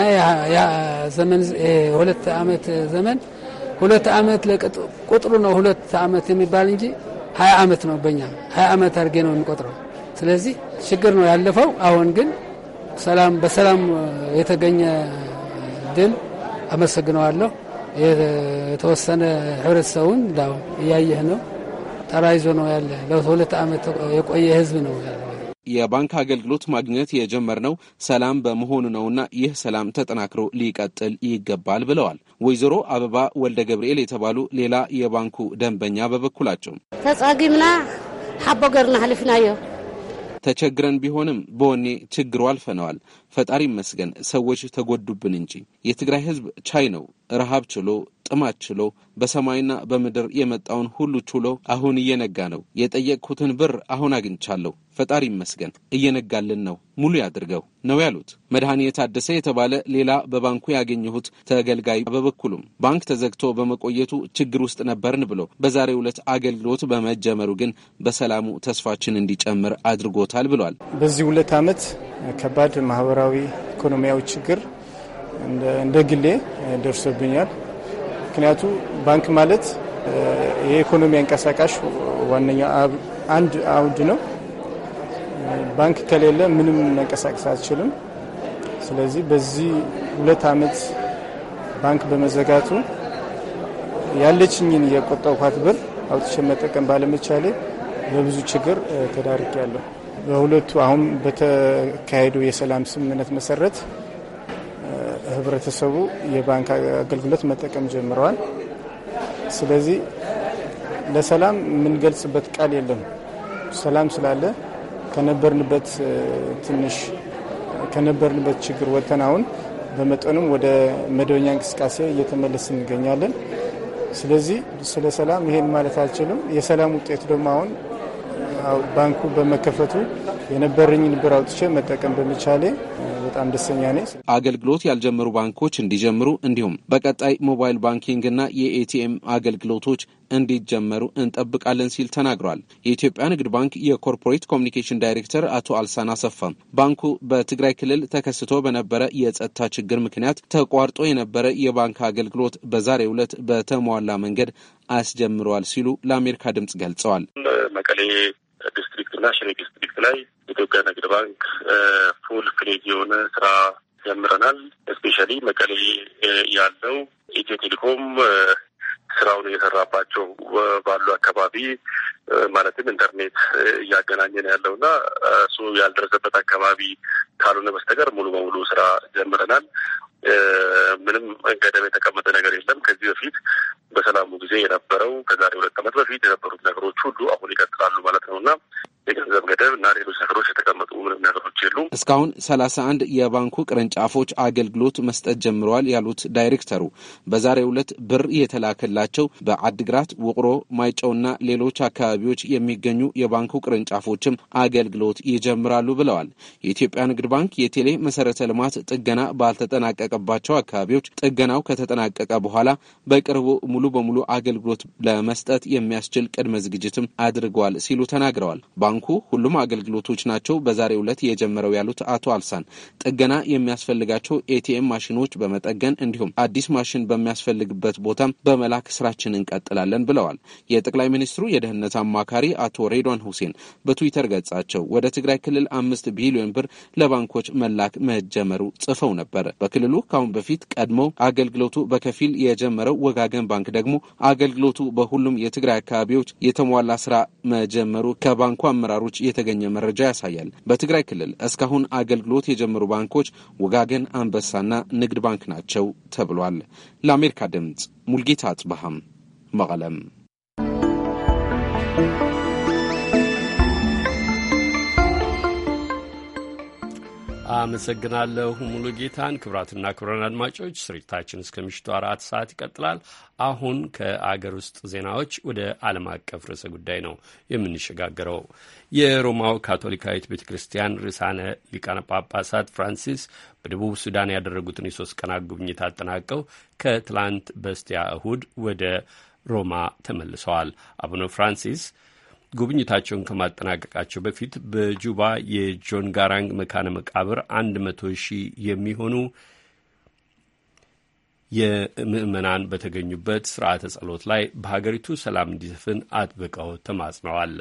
ሁለት ዓመት ዘመን ሁለት ዓመት ቁጥሩ ነው ሁለት ዓመት የሚባል እንጂ ሀያ ዓመት ነው በኛ ሀያ ዓመት አድርጌ ነው የሚቆጥረው። ስለዚህ ችግር ነው ያለፈው። አሁን ግን ሰላም በሰላም የተገኘ ድል አመሰግነዋለሁ። የተወሰነ ህብረተሰቡን እያየህ ነው ይዞ ነው ያለ። ለሁለት ዓመት የቆየ ህዝብ ነው ያለ። የባንክ አገልግሎት ማግኘት የጀመርነው ሰላም በመሆኑ ነውና ይህ ሰላም ተጠናክሮ ሊቀጥል ይገባል ብለዋል ወይዘሮ አበባ ወልደ ገብርኤል የተባሉ ሌላ የባንኩ ደንበኛ በበኩላቸው ተጻጊምና ሓቦ ገርና ህልፍናዮ ተቸግረን ቢሆንም በወኔ ችግሩ አልፈነዋል። ፈጣሪ ይመስገን። ሰዎች ተጎዱብን እንጂ የትግራይ ህዝብ ቻይ ነው። ረሃብ ችሎ ጥማ ችሎ በሰማይና በምድር የመጣውን ሁሉ ችሎ አሁን እየነጋ ነው። የጠየቅኩትን ብር አሁን አግኝቻለሁ። ፈጣሪ ይመስገን እየነጋልን ነው። ሙሉ ያድርገው ነው ያሉት። መድኃኔ የታደሰ የተባለ ሌላ በባንኩ ያገኘሁት ተገልጋይ በበኩሉም ባንክ ተዘግቶ በመቆየቱ ችግር ውስጥ ነበርን ብሎ በዛሬው ዕለት አገልግሎት በመጀመሩ ግን በሰላሙ ተስፋችን እንዲጨምር አድርጎታል ብሏል። በዚህ ሁለት ዓመት ከባድ ማህበራዊ ኢኮኖሚያዊ ችግር እንደ ግሌ ደርሶብኛል። ምክንያቱ ባንክ ማለት የኢኮኖሚ አንቀሳቃሽ ዋነኛ አንድ አውድ ነው። ባንክ ከሌለ ምንም መንቀሳቀስ አትችልም። ስለዚህ በዚህ ሁለት ዓመት ባንክ በመዘጋቱ ያለችኝን የቆጠብኳት ብር አውጥቼ መጠቀም ባለመቻሌ በብዙ ችግር ተዳርጌያለሁ። በሁለቱ አሁን በተካሄደው የሰላም ስምምነት መሰረት ህብረተሰቡ የባንክ አገልግሎት መጠቀም ጀምረዋል። ስለዚህ ለሰላም የምንገልጽበት ቃል የለም። ሰላም ስላለ ከነበርንበት ትንሽ ከነበርንበት ችግር ወጥተን አሁን በመጠኑም ወደ መደበኛ እንቅስቃሴ እየተመለስ እንገኛለን። ስለዚህ ስለ ሰላም ይሄን ማለት አልችልም። የሰላም ውጤት ደግሞ አሁን ባንኩ በመከፈቱ የነበረኝ ብር አውጥቼ መጠቀም በመቻሌ በጣም ደስተኛ ነኝ። አገልግሎት ያልጀመሩ ባንኮች እንዲጀምሩ እንዲሁም በቀጣይ ሞባይል ባንኪንግና የኤቲኤም አገልግሎቶች እንዲጀመሩ እንጠብቃለን ሲል ተናግሯል። የኢትዮጵያ ንግድ ባንክ የኮርፖሬት ኮሚኒኬሽን ዳይሬክተር አቶ አልሳን አሰፋ ባንኩ በትግራይ ክልል ተከስቶ በነበረ የጸጥታ ችግር ምክንያት ተቋርጦ የነበረ የባንክ አገልግሎት በዛሬው ዕለት በተሟላ መንገድ አስጀምረዋል ሲሉ ለአሜሪካ ድምጽ ገልጸዋል። መቀሌ ዲስትሪክት እና ሽሬ ዲስትሪክት ላይ ኢትዮጵያ ንግድ ባንክ ፉል ፍሌጅ የሆነ ስራ ጀምረናል። እስፔሻሊ መቀሌ ያለው ኢትዮ ቴሌኮም ስራውን እየሰራባቸው ባሉ አካባቢ ማለትም ኢንተርኔት እያገናኘ ነው ያለው እና እሱ ያልደረሰበት አካባቢ ካልሆነ በስተቀር ሙሉ በሙሉ ስራ ጀምረናል። ምንም ገደብ የተቀመጠ ነገር የለም። ከዚህ በፊት በሰላሙ ጊዜ የነበረው ከዛሬ ሁለት ዓመት በፊት የነበሩት ነገሮች ሁሉ አሁን ይቀጥላሉ ማለት ነው እና የገንዘብ ገደብ እና ሌሎች ነገሮች የተቀመጡ ምንም ነገሮች የሉም። እስካሁን ሰላሳ አንድ የባንኩ ቅርንጫፎች አገልግሎት መስጠት ጀምረዋል ያሉት ዳይሬክተሩ በዛሬው ዕለት ብር የተላከላቸው በአድግራት፣ ውቅሮ፣ ማይጨውና ሌሎች አካባቢዎች የሚገኙ የባንኩ ቅርንጫፎችም አገልግሎት ይጀምራሉ ብለዋል። የኢትዮጵያ ንግድ ባንክ የቴሌ መሰረተ ልማት ጥገና ባልተጠናቀ በተጠናቀቀባቸው አካባቢዎች ጥገናው ከተጠናቀቀ በኋላ በቅርቡ ሙሉ በሙሉ አገልግሎት ለመስጠት የሚያስችል ቅድመ ዝግጅትም አድርገዋል ሲሉ ተናግረዋል። ባንኩ ሁሉም አገልግሎቶች ናቸው በዛሬው ዕለት የጀመረው ያሉት አቶ አልሳን ጥገና የሚያስፈልጋቸው ኤቲኤም ማሽኖች በመጠገን እንዲሁም አዲስ ማሽን በሚያስፈልግበት ቦታም በመላክ ስራችን እንቀጥላለን ብለዋል። የጠቅላይ ሚኒስትሩ የደህንነት አማካሪ አቶ ሬድዋን ሁሴን በትዊተር ገጻቸው ወደ ትግራይ ክልል አምስት ቢሊዮን ብር ለባንኮች መላክ መጀመሩ ጽፈው ነበር። በክልሉ ከአሁን በፊት ቀድሞ አገልግሎቱ በከፊል የጀመረው ወጋገን ባንክ ደግሞ አገልግሎቱ በሁሉም የትግራይ አካባቢዎች የተሟላ ስራ መጀመሩ ከባንኩ አመራሮች የተገኘ መረጃ ያሳያል። በትግራይ ክልል እስካሁን አገልግሎት የጀመሩ ባንኮች ወጋገን፣ አንበሳና ንግድ ባንክ ናቸው ተብሏል። ለአሜሪካ ድምጽ ሙልጌታ አጽባሃም መቀለም አመሰግናለሁ ሙሉ ጌታን። ክብራትና ክብረን አድማጮች ስርጭታችን እስከ ምሽቱ አራት ሰዓት ይቀጥላል። አሁን ከአገር ውስጥ ዜናዎች ወደ ዓለም አቀፍ ርዕሰ ጉዳይ ነው የምንሸጋገረው። የሮማው ካቶሊካዊት ቤተ ክርስቲያን ርዕሳነ ሊቃነ ጳጳሳት ፍራንሲስ በደቡብ ሱዳን ያደረጉትን የሶስት ቀናት ጉብኝት አጠናቀው ከትላንት በስቲያ እሁድ ወደ ሮማ ተመልሰዋል። አቡነ ፍራንሲስ ጉብኝታቸውን ከማጠናቀቃቸው በፊት በጁባ የጆንጋራንግ መካነ መቃብር አንድ መቶ ሺህ የሚሆኑ የምዕመናን በተገኙበት ስርዓተ ጸሎት ላይ በሀገሪቱ ሰላም እንዲሰፍን አጥብቀው ተማጽነዋል።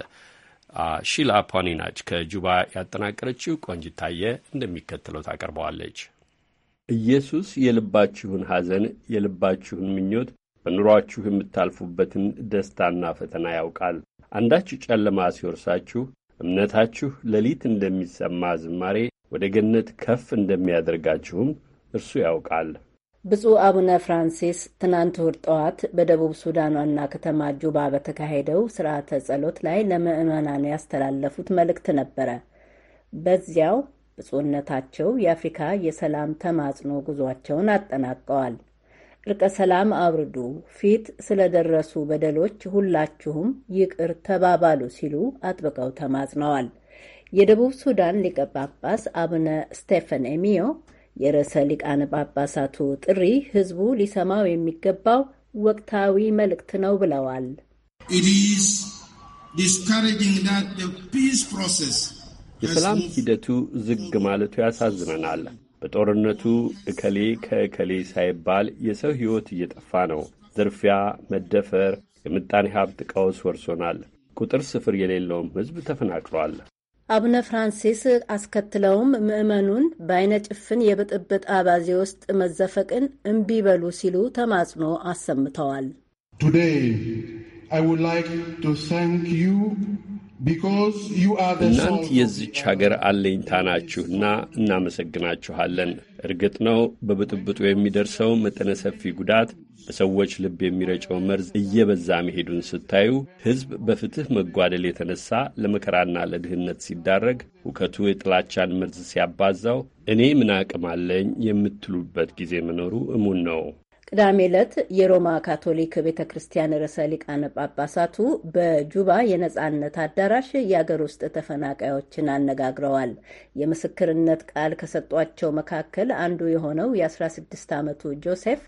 ሺላ ፖኒናች ከጁባ ያጠናቀረችው ታየ እንደሚከተለው ታቀርበዋለች። ኢየሱስ የልባችሁን ሐዘን የልባችሁን ምኞት በኑሯችሁ የምታልፉበትን ደስታና ፈተና ያውቃል። አንዳችሁ ጨለማ ሲወርሳችሁ እምነታችሁ ሌሊት እንደሚሰማ ዝማሬ ወደ ገነት ከፍ እንደሚያደርጋችሁም እርሱ ያውቃል። ብፁዕ አቡነ ፍራንሲስ ትናንት እሁድ ጠዋት በደቡብ ሱዳን ዋና ከተማ ጁባ በተካሄደው ስርዓተ ጸሎት ላይ ለምዕመናን ያስተላለፉት መልእክት ነበረ። በዚያው ብፁዕነታቸው የአፍሪካ የሰላም ተማጽኖ ጉዟቸውን አጠናቀዋል። እርቀ ሰላም አውርዱ፣ ፊት ስለደረሱ በደሎች ሁላችሁም ይቅር ተባባሉ ሲሉ አጥብቀው ተማጽነዋል። የደቡብ ሱዳን ሊቀ ጳጳስ አቡነ ስቴፈን ኤሚዮ የርዕሰ ሊቃነ ጳጳሳቱ ጥሪ ሕዝቡ ሊሰማው የሚገባው ወቅታዊ መልእክት ነው ብለዋል። የሰላም ሂደቱ ዝግ ማለቱ ያሳዝነናል። በጦርነቱ እከሌ ከእከሌ ሳይባል የሰው ሕይወት እየጠፋ ነው። ዝርፊያ፣ መደፈር፣ የምጣኔ ሀብት ቀውስ ወርሶናል። ቁጥር ስፍር የሌለውም ሕዝብ ተፈናቅሏል። አቡነ ፍራንሲስ አስከትለውም ምዕመኑን በአይነ ጭፍን የብጥብጥ አባዜ ውስጥ መዘፈቅን እምቢ በሉ ሲሉ ተማጽኖ አሰምተዋል። ቱዴይ አይ ውድ ላይክ ቱ ታንክ ዩ እናንት የዚች ሀገር አለኝታ ናችሁና እናመሰግናችኋለን። እርግጥ ነው በብጥብጡ የሚደርሰው መጠነ ሰፊ ጉዳት፣ በሰዎች ልብ የሚረጨው መርዝ እየበዛ መሄዱን ስታዩ ሕዝብ በፍትሕ መጓደል የተነሳ ለመከራና ለድህነት ሲዳረግ፣ ሁከቱ የጥላቻን መርዝ ሲያባዛው እኔ ምን አቅም አለኝ የምትሉበት ጊዜ መኖሩ እሙን ነው። ቅዳሜ ዕለት የሮማ ካቶሊክ ቤተ ክርስቲያን ርዕሰ ሊቃነ ጳጳሳቱ በጁባ የነጻነት አዳራሽ የአገር ውስጥ ተፈናቃዮችን አነጋግረዋል። የምስክርነት ቃል ከሰጧቸው መካከል አንዱ የሆነው የ16 ዓመቱ ጆሴፍ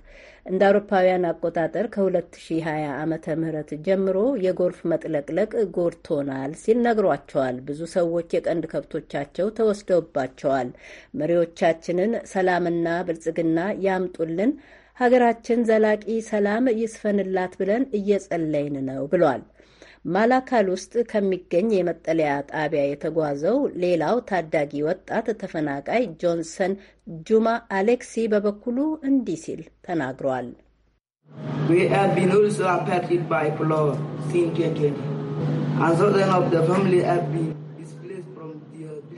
እንደ አውሮፓውያን አቆጣጠር ከ2020 ዓመተ ምህረት ጀምሮ የጎርፍ መጥለቅለቅ ጎድቶናል ሲል ነግሯቸዋል። ብዙ ሰዎች የቀንድ ከብቶቻቸው ተወስደውባቸዋል። መሪዎቻችንን ሰላምና ብልጽግና ያምጡልን ሀገራችን ዘላቂ ሰላም ይስፈንላት ብለን እየጸለይን ነው ብሏል። ማላካል ውስጥ ከሚገኝ የመጠለያ ጣቢያ የተጓዘው ሌላው ታዳጊ ወጣት ተፈናቃይ ጆንሰን ጁማ አሌክሲ በበኩሉ እንዲህ ሲል ተናግሯል።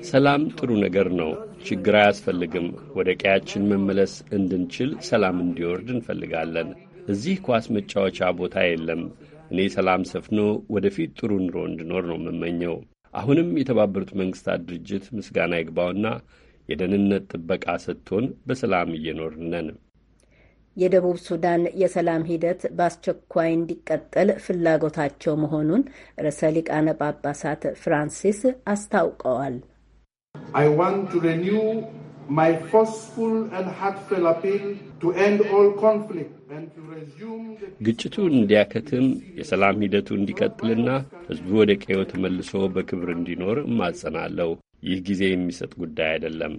ሰላም ጥሩ ነገር ነው። ችግር አያስፈልግም። ወደ ቀያችን መመለስ እንድንችል ሰላም እንዲወርድ እንፈልጋለን። እዚህ ኳስ መጫወቻ ቦታ የለም። እኔ ሰላም ሰፍኖ ወደፊት ጥሩ ኑሮ እንድኖር ነው የምመኘው። አሁንም የተባበሩት መንግስታት ድርጅት ምስጋና ይግባውና የደህንነት ጥበቃ ሰጥቶን በሰላም እየኖርን የደቡብ ሱዳን የሰላም ሂደት በአስቸኳይ እንዲቀጠል ፍላጎታቸው መሆኑን ርዕሰ ሊቃነ ጳጳሳት ፍራንሲስ አስታውቀዋል። I want to renew my forceful and heartfelt appeal to end all conflict ግጭቱ እንዲያከትም የሰላም ሂደቱ እንዲቀጥልና ሕዝቡ ወደ ቀዬው ተመልሶ በክብር እንዲኖር እማጸናለሁ። ይህ ጊዜ የሚሰጥ ጉዳይ አይደለም።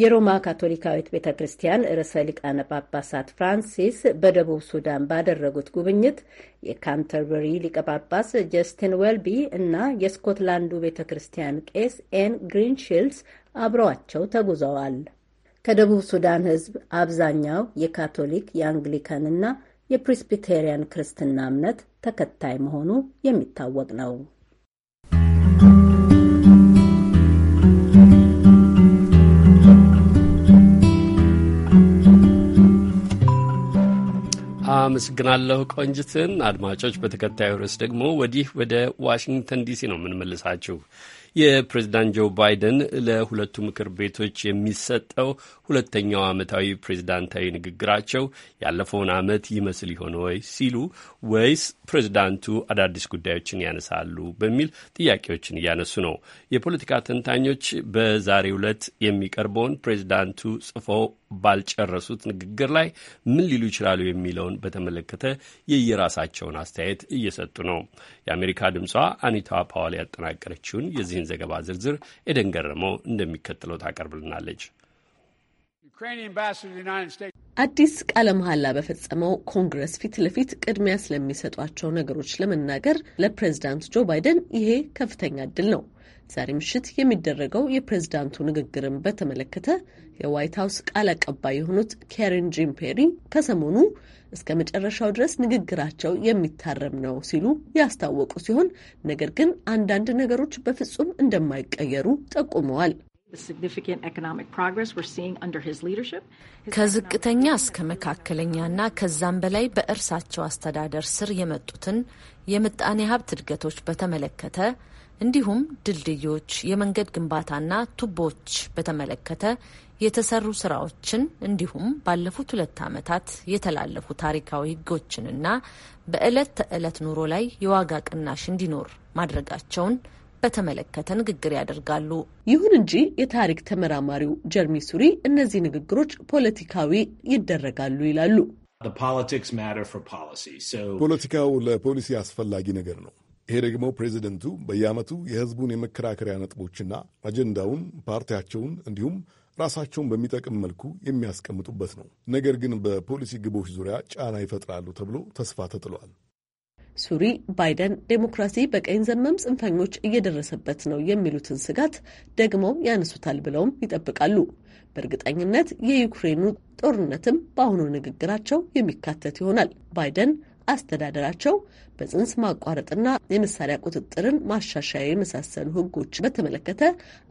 የሮማ ካቶሊካዊት ቤተ ክርስቲያን ርዕሰ ሊቃነ ጳጳሳት ፍራንሲስ በደቡብ ሱዳን ባደረጉት ጉብኝት የካንተርበሪ ሊቀ ጳጳስ ጀስቲን ዌልቢ እና የስኮትላንዱ ቤተ ክርስቲያን ቄስ ኤን ግሪንሺልድስ አብረዋቸው ተጉዘዋል። ከደቡብ ሱዳን ሕዝብ አብዛኛው የካቶሊክ የአንግሊካን እና የፕሬስቢቴሪያን ክርስትና እምነት ተከታይ መሆኑ የሚታወቅ ነው። አመሰግናለሁ ቆንጅትን። አድማጮች፣ በተከታዩ ርዕስ ደግሞ ወዲህ ወደ ዋሽንግተን ዲሲ ነው የምንመልሳችሁ። የፕሬዚዳንት ጆ ባይደን ለሁለቱ ምክር ቤቶች የሚሰጠው ሁለተኛው ዓመታዊ ፕሬዚዳንታዊ ንግግራቸው ያለፈውን ዓመት ይመስል ይሆን ወይ ሲሉ ወይስ ፕሬዚዳንቱ አዳዲስ ጉዳዮችን ያነሳሉ በሚል ጥያቄዎችን እያነሱ ነው። የፖለቲካ ተንታኞች በዛሬው ዕለት የሚቀርበውን ፕሬዚዳንቱ ጽፎ። ባልጨረሱት ንግግር ላይ ምን ሊሉ ይችላሉ የሚለውን በተመለከተ የየራሳቸውን አስተያየት እየሰጡ ነው። የአሜሪካ ድምጿ አኒታ ፓዋል ያጠናቀረችውን የዚህን ዘገባ ዝርዝር ኤደን ገረመው እንደሚከተለው ታቀርብልናለች። አዲስ ቃለ መሐላ በፈጸመው ኮንግረስ ፊት ለፊት ቅድሚያ ስለሚሰጧቸው ነገሮች ለመናገር ለፕሬዚዳንት ጆ ባይደን ይሄ ከፍተኛ እድል ነው። ዛሬ ምሽት የሚደረገው የፕሬዝዳንቱ ንግግርን በተመለከተ የዋይት ሀውስ ቃል አቀባይ የሆኑት ኬሪን ጂም ፔሪ ከሰሞኑ እስከ መጨረሻው ድረስ ንግግራቸው የሚታረም ነው ሲሉ ያስታወቁ ሲሆን ነገር ግን አንዳንድ ነገሮች በፍጹም እንደማይቀየሩ ጠቁመዋል። ከዝቅተኛ እስከ መካከለኛና ከዛም በላይ በእርሳቸው አስተዳደር ስር የመጡትን የምጣኔ ሀብት እድገቶች በተመለከተ እንዲሁም ድልድዮች፣ የመንገድ ግንባታና ቱቦዎች በተመለከተ የተሰሩ ስራዎችን እንዲሁም ባለፉት ሁለት ዓመታት የተላለፉ ታሪካዊ ህጎችንና በዕለት ተዕለት ኑሮ ላይ የዋጋ ቅናሽ እንዲኖር ማድረጋቸውን በተመለከተ ንግግር ያደርጋሉ። ይሁን እንጂ የታሪክ ተመራማሪው ጀርሚ ሱሪ እነዚህ ንግግሮች ፖለቲካዊ ይደረጋሉ ይላሉ። ፖለቲካው ለፖሊሲ አስፈላጊ ነገር ነው። ይሄ ደግሞ ፕሬዚደንቱ በየዓመቱ የህዝቡን የመከራከሪያ ነጥቦችና አጀንዳውን፣ ፓርቲያቸውን እንዲሁም ራሳቸውን በሚጠቅም መልኩ የሚያስቀምጡበት ነው። ነገር ግን በፖሊሲ ግቦች ዙሪያ ጫና ይፈጥራሉ ተብሎ ተስፋ ተጥሏል። ሱሪ ባይደን ዴሞክራሲ በቀኝ ዘመም ጽንፈኞች እየደረሰበት ነው የሚሉትን ስጋት ደግሞ ያነሱታል ብለውም ይጠብቃሉ። በእርግጠኝነት የዩክሬኑ ጦርነትም በአሁኑ ንግግራቸው የሚካተት ይሆናል ባይደን አስተዳደራቸው በጽንስ ማቋረጥና የመሳሪያ ቁጥጥርን ማሻሻያ የመሳሰሉ ህጎች በተመለከተ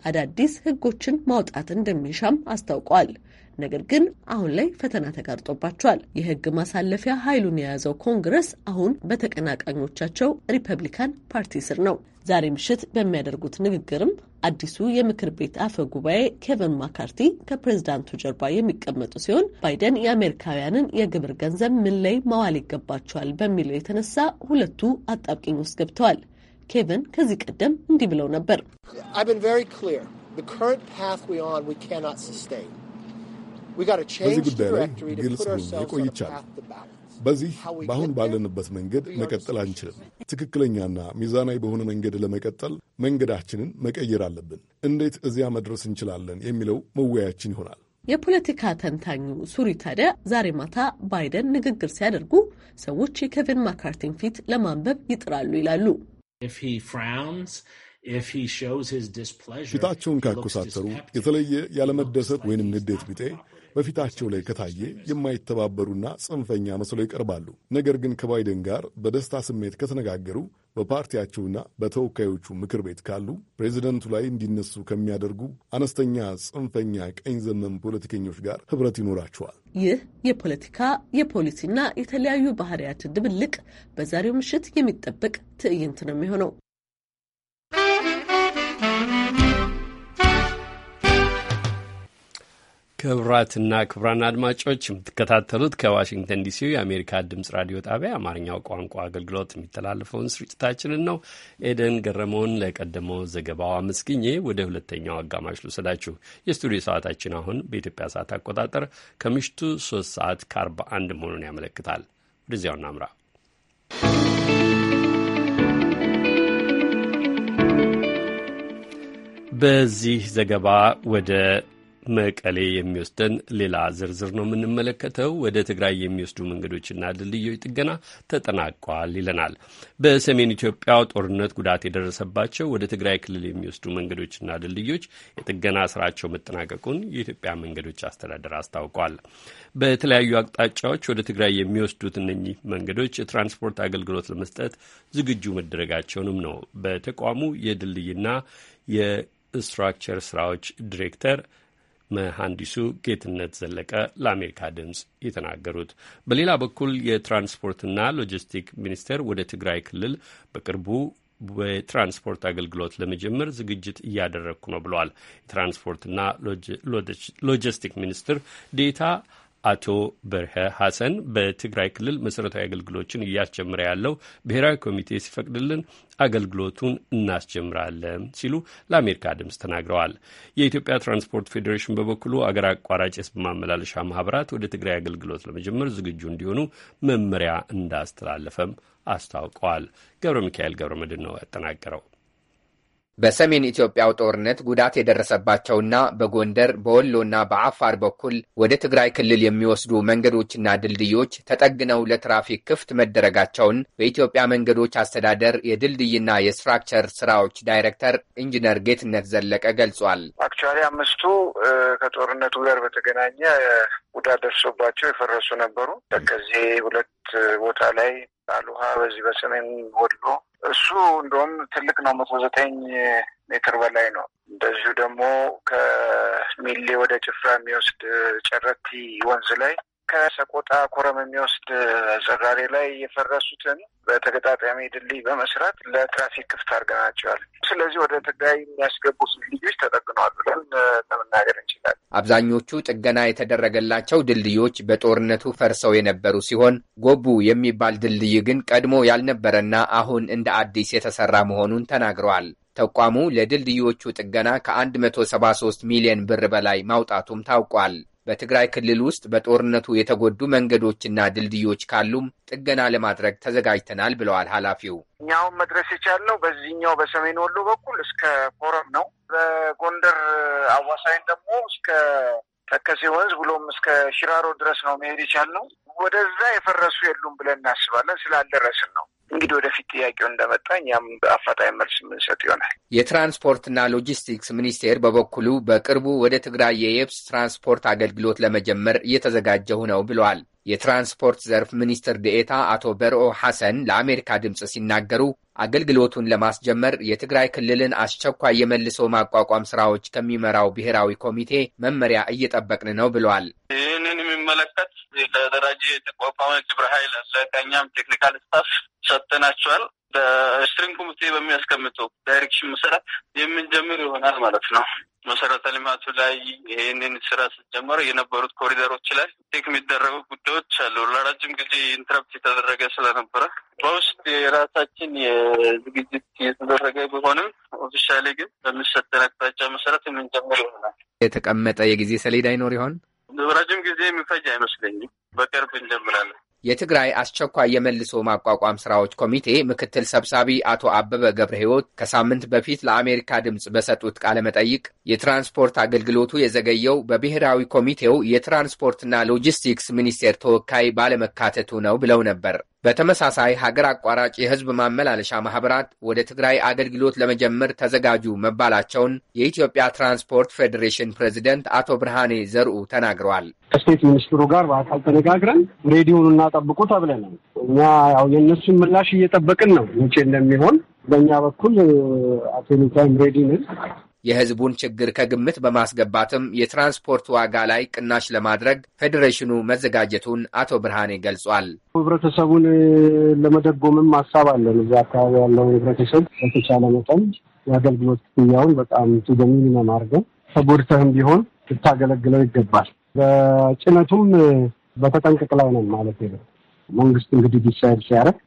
አዳዲስ ህጎችን ማውጣት እንደሚሻም አስታውቋል። ነገር ግን አሁን ላይ ፈተና ተጋርጦባቸዋል። የህግ ማሳለፊያ ኃይሉን የያዘው ኮንግረስ አሁን በተቀናቃኞቻቸው ሪፐብሊካን ፓርቲ ስር ነው። ዛሬ ምሽት በሚያደርጉት ንግግርም አዲሱ የምክር ቤት አፈ ጉባኤ ኬቨን ማካርቲ ከፕሬዝዳንቱ ጀርባ የሚቀመጡ ሲሆን ባይደን የአሜሪካውያንን የግብር ገንዘብ ምን ላይ ማዋል ይገባቸዋል በሚለው የተነሳ ሁለቱ አጣብቂኝ ውስጥ ገብተዋል። ኬቨን ከዚህ ቀደም እንዲህ ብለው ነበር። በዚህ ጉዳይ ላይ ግልጽ ቆይቻለሁ። በዚህ በአሁን ባለንበት መንገድ መቀጠል አንችልም። ትክክለኛና ሚዛናዊ በሆነ መንገድ ለመቀጠል መንገዳችንን መቀየር አለብን። እንዴት እዚያ መድረስ እንችላለን የሚለው መወያያችን ይሆናል። የፖለቲካ ተንታኙ ሱሪ ታዲያ ዛሬ ማታ ባይደን ንግግር ሲያደርጉ ሰዎች የኬቪን ማካርቲን ፊት ለማንበብ ይጥራሉ ይላሉ። ፊታቸውን ካኮሳተሩ የተለየ ያለመደሰት ወይንም ንዴት ቢጤ በፊታቸው ላይ ከታየ የማይተባበሩና ጽንፈኛ መስለው ይቀርባሉ። ነገር ግን ከባይደን ጋር በደስታ ስሜት ከተነጋገሩ በፓርቲያቸውና በተወካዮቹ ምክር ቤት ካሉ ፕሬዚደንቱ ላይ እንዲነሱ ከሚያደርጉ አነስተኛ ጽንፈኛ ቀኝ ዘመን ፖለቲከኞች ጋር ህብረት ይኖራቸዋል። ይህ የፖለቲካ የፖሊሲና የተለያዩ ባህሪያት ድብልቅ በዛሬው ምሽት የሚጠበቅ ትዕይንት ነው የሚሆነው። ክቡራትና ክቡራን አድማጮች የምትከታተሉት ከዋሽንግተን ዲሲ የአሜሪካ ድምጽ ራዲዮ ጣቢያ አማርኛው ቋንቋ አገልግሎት የሚተላለፈውን ስርጭታችንን ነው። ኤደን ገረመውን ለቀደመው ዘገባው አመስግኜ ወደ ሁለተኛው አጋማሽ ልውሰዳችሁ። የስቱዲዮ ሰዓታችን አሁን በኢትዮጵያ ሰዓት አቆጣጠር ከምሽቱ ሶስት ሰዓት ከአርባ አንድ መሆኑን ያመለክታል። ወደዚያው እናምራ። በዚህ ዘገባ ወደ መቀሌ የሚወስደን ሌላ ዝርዝር ነው የምንመለከተው። ወደ ትግራይ የሚወስዱ መንገዶችና ድልድዮች ጥገና ተጠናቋል ይለናል። በሰሜን ኢትዮጵያ ጦርነት ጉዳት የደረሰባቸው ወደ ትግራይ ክልል የሚወስዱ መንገዶችና ድልድዮች የጥገና ስራቸው መጠናቀቁን የኢትዮጵያ መንገዶች አስተዳደር አስታውቋል። በተለያዩ አቅጣጫዎች ወደ ትግራይ የሚወስዱት እነኚህ መንገዶች የትራንስፖርት አገልግሎት ለመስጠት ዝግጁ መደረጋቸውንም ነው በተቋሙ የድልድይና የስትራክቸር ስራዎች ዲሬክተር መሐንዲሱ ጌትነት ዘለቀ ለአሜሪካ ድምፅ የተናገሩት። በሌላ በኩል የትራንስፖርትና ሎጂስቲክ ሚኒስቴር ወደ ትግራይ ክልል በቅርቡ በትራንስፖርት አገልግሎት ለመጀመር ዝግጅት እያደረግኩ ነው ብለዋል። የትራንስፖርትና ሎጂስቲክ ሚኒስትር ዴታ አቶ በርሀ ሐሰን በትግራይ ክልል መሠረታዊ አገልግሎችን እያስጀመረ ያለው ብሔራዊ ኮሚቴ ሲፈቅድልን አገልግሎቱን እናስጀምራለን ሲሉ ለአሜሪካ ድምፅ ተናግረዋል። የኢትዮጵያ ትራንስፖርት ፌዴሬሽን በበኩሉ አገር አቋራጭ የሕዝብ ማመላለሻ ማህበራት ወደ ትግራይ አገልግሎት ለመጀመር ዝግጁ እንዲሆኑ መመሪያ እንዳስተላለፈም አስታውቀዋል። ገብረ ሚካኤል ገብረ መድን ነው ያጠናቀረው። በሰሜን ኢትዮጵያው ጦርነት ጉዳት የደረሰባቸውና በጎንደር በወሎና በአፋር በኩል ወደ ትግራይ ክልል የሚወስዱ መንገዶችና ድልድዮች ተጠግነው ለትራፊክ ክፍት መደረጋቸውን በኢትዮጵያ መንገዶች አስተዳደር የድልድይና የስትራክቸር ስራዎች ዳይሬክተር ኢንጂነር ጌትነት ዘለቀ ገልጿል። አክቹዋሊ አምስቱ ከጦርነቱ ጋር በተገናኘ ጉዳት ደርሶባቸው የፈረሱ ነበሩ። ከዚህ ሁለት ቦታ ላይ አሉሃ በዚህ በሰሜን ወሎ እሱ እንደውም ትልቅ ነው፣ መቶ ዘጠኝ ሜትር በላይ ነው። እንደዚሁ ደግሞ ከሚሌ ወደ ጭፍራ የሚወስድ ጨረቲ ወንዝ ላይ ከሰቆጣ ኮረም የሚወስድ ዘራሬ ላይ የፈረሱትን በተገጣጣሚ ድልድይ በመስራት ለትራፊክ ክፍት አድርገናቸዋል። ስለዚህ ወደ ትግራይ የሚያስገቡት ድልድዮች ተጠግነዋል ብለን ለመናገር አብዛኞቹ ጥገና የተደረገላቸው ድልድዮች በጦርነቱ ፈርሰው የነበሩ ሲሆን ጎቡ የሚባል ድልድይ ግን ቀድሞ ያልነበረና አሁን እንደ አዲስ የተሰራ መሆኑን ተናግረዋል። ተቋሙ ለድልድዮቹ ጥገና ከ173 ሚሊዮን ብር በላይ ማውጣቱም ታውቋል። በትግራይ ክልል ውስጥ በጦርነቱ የተጎዱ መንገዶችና ድልድዮች ካሉም ጥገና ለማድረግ ተዘጋጅተናል ብለዋል ኃላፊው። እኛውም መድረስ የቻልነው በዚህኛው በሰሜን ወሎ በኩል እስከ ፎረም ነው። በጎንደር አዋሳይን ደግሞ እስከ ተከሴ ወንዝ ብሎም እስከ ሽራሮ ድረስ ነው መሄድ የቻልነው። ወደዛ የፈረሱ የሉም ብለን እናስባለን ስላልደረስን ነው። እንግዲህ ወደፊት ጥያቄው እንደመጣ እኛም በአፋጣኝ መልስ የምንሰጥ ይሆናል። የትራንስፖርትና ሎጂስቲክስ ሚኒስቴር በበኩሉ በቅርቡ ወደ ትግራይ የየብስ ትራንስፖርት አገልግሎት ለመጀመር እየተዘጋጀሁ ነው ብለዋል። የትራንስፖርት ዘርፍ ሚኒስትር ዴኤታ አቶ በርኦ ሐሰን ለአሜሪካ ድምፅ ሲናገሩ አገልግሎቱን ለማስጀመር የትግራይ ክልልን አስቸኳይ የመልሶ ማቋቋም ስራዎች ከሚመራው ብሔራዊ ኮሚቴ መመሪያ እየጠበቅን ነው ብለዋል። ይህንን የሚመለከት የተደራጀ የተቋቋመ ግብረ ኃይል አለ። ከእኛም ቴክኒካል ስታፍ ሰጥተናቸዋል። በስትሪንግ ኮሚቴ በሚያስቀምጡ ዳይሬክሽን መሰረት የምንጀምር ይሆናል ማለት ነው። መሰረተ ልማቱ ላይ ይህንን ስራ ሲጀመሩ የነበሩት ኮሪደሮች ላይ ቴክ የሚደረጉ ጉዳዮች አሉ። ለረጅም ጊዜ ኢንትረፕት የተደረገ ስለነበረ በውስጥ የራሳችን የዝግጅት የተደረገ ቢሆንም ኦፊሻሌ ግን በሚሰጠን አቅጣጫ መሰረት የምንጀምር ይሆናል። የተቀመጠ የጊዜ ሰሌዳ ይኖር ይሆን? ረጅም ጊዜ የሚፈጅ አይመስለኝም። በቅርብ እንጀምራለን። የትግራይ አስቸኳይ የመልሶ ማቋቋም ስራዎች ኮሚቴ ምክትል ሰብሳቢ አቶ አበበ ገብረ ሕይወት ከሳምንት በፊት ለአሜሪካ ድምፅ በሰጡት ቃለ መጠይቅ የትራንስፖርት አገልግሎቱ የዘገየው በብሔራዊ ኮሚቴው የትራንስፖርትና ሎጂስቲክስ ሚኒስቴር ተወካይ ባለመካተቱ ነው ብለው ነበር። በተመሳሳይ ሀገር አቋራጭ የህዝብ ማመላለሻ ማህበራት ወደ ትግራይ አገልግሎት ለመጀመር ተዘጋጁ መባላቸውን የኢትዮጵያ ትራንስፖርት ፌዴሬሽን ፕሬዚደንት አቶ ብርሃኔ ዘርኡ ተናግረዋል። ከስቴት ሚኒስትሩ ጋር በአካል ተነጋግረን ሬዲዮንና ጠብቁ ተብለናል። እኛ ያው የእነሱን ምላሽ እየጠበቅን ነው። ውጭ እንደሚሆን በእኛ በኩል አቶ ኒታይም ሬዲ ነን። የህዝቡን ችግር ከግምት በማስገባትም የትራንስፖርት ዋጋ ላይ ቅናሽ ለማድረግ ፌዴሬሽኑ መዘጋጀቱን አቶ ብርሃኔ ገልጿል። ህብረተሰቡን ለመደጎምም ሀሳብ አለን። እዚ አካባቢ ያለው ህብረተሰብ በተቻለ መጠን የአገልግሎት ክፍያውን በጣም ሚኒመም አድርገን ተጎድተህም ቢሆን ልታገለግለው ይገባል። በጭነቱም በተጠንቀቅ ላይ ነን ማለት ነው። መንግስት እንግዲህ ዲሳይድ ሲያደርግ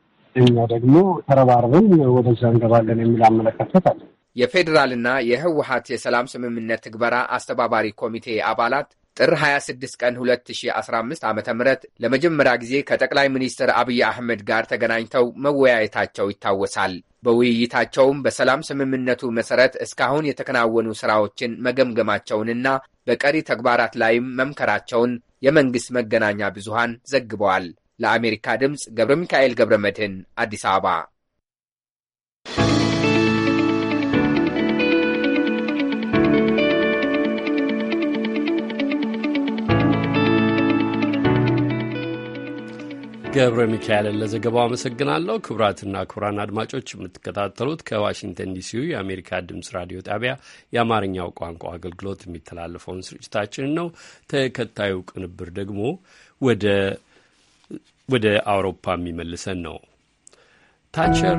እኛ ደግሞ ተረባርበን ወደዛ እንገባለን የሚል አመለካከት አለን። የፌዴራልና የህወሀት የሰላም ስምምነት ትግበራ አስተባባሪ ኮሚቴ አባላት ጥር 26 ቀን 2015 ዓ ም ለመጀመሪያ ጊዜ ከጠቅላይ ሚኒስትር አብይ አህመድ ጋር ተገናኝተው መወያየታቸው ይታወሳል። በውይይታቸውም በሰላም ስምምነቱ መሠረት እስካሁን የተከናወኑ ሥራዎችን መገምገማቸውንና በቀሪ ተግባራት ላይም መምከራቸውን የመንግሥት መገናኛ ብዙሃን ዘግበዋል። ለአሜሪካ ድምፅ ገብረ ሚካኤል ገብረ መድህን አዲስ አበባ ገብረ ሚካኤልን ለዘገባው አመሰግናለሁ። ክቡራትና ክቡራን አድማጮች የምትከታተሉት ከዋሽንግተን ዲሲው የአሜሪካ ድምፅ ራዲዮ ጣቢያ የአማርኛው ቋንቋ አገልግሎት የሚተላለፈውን ስርጭታችን ነው። ተከታዩ ቅንብር ደግሞ ወደ አውሮፓ የሚመልሰን ነው። ታቸር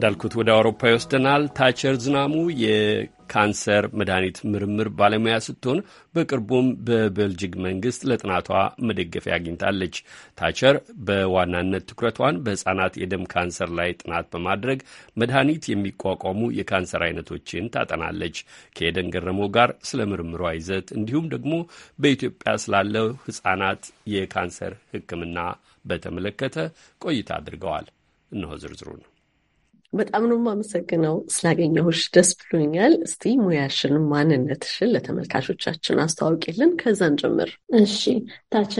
እንዳልኩት ወደ አውሮፓ ይወስደናል። ታቸር ዝናሙ የካንሰር መድኃኒት ምርምር ባለሙያ ስትሆን በቅርቡም በቤልጅግ መንግስት ለጥናቷ መደገፊያ አግኝታለች። ታቸር በዋናነት ትኩረቷን በህጻናት የደም ካንሰር ላይ ጥናት በማድረግ መድኃኒት የሚቋቋሙ የካንሰር አይነቶችን ታጠናለች። ከኤደን ገረመው ጋር ስለ ምርምሯ ይዘት እንዲሁም ደግሞ በኢትዮጵያ ስላለው ህጻናት የካንሰር ህክምና በተመለከተ ቆይታ አድርገዋል። እነሆ ዝርዝሩ ነው። በጣም ነው የማመሰግነው ስላገኘሁሽ፣ ደስ ብሎኛል። እስቲ ሙያሽንም ማንነትሽን ለተመልካቾቻችን አስተዋውቂልን፣ ከዛን ጀምር። እሺ፣ ታቸ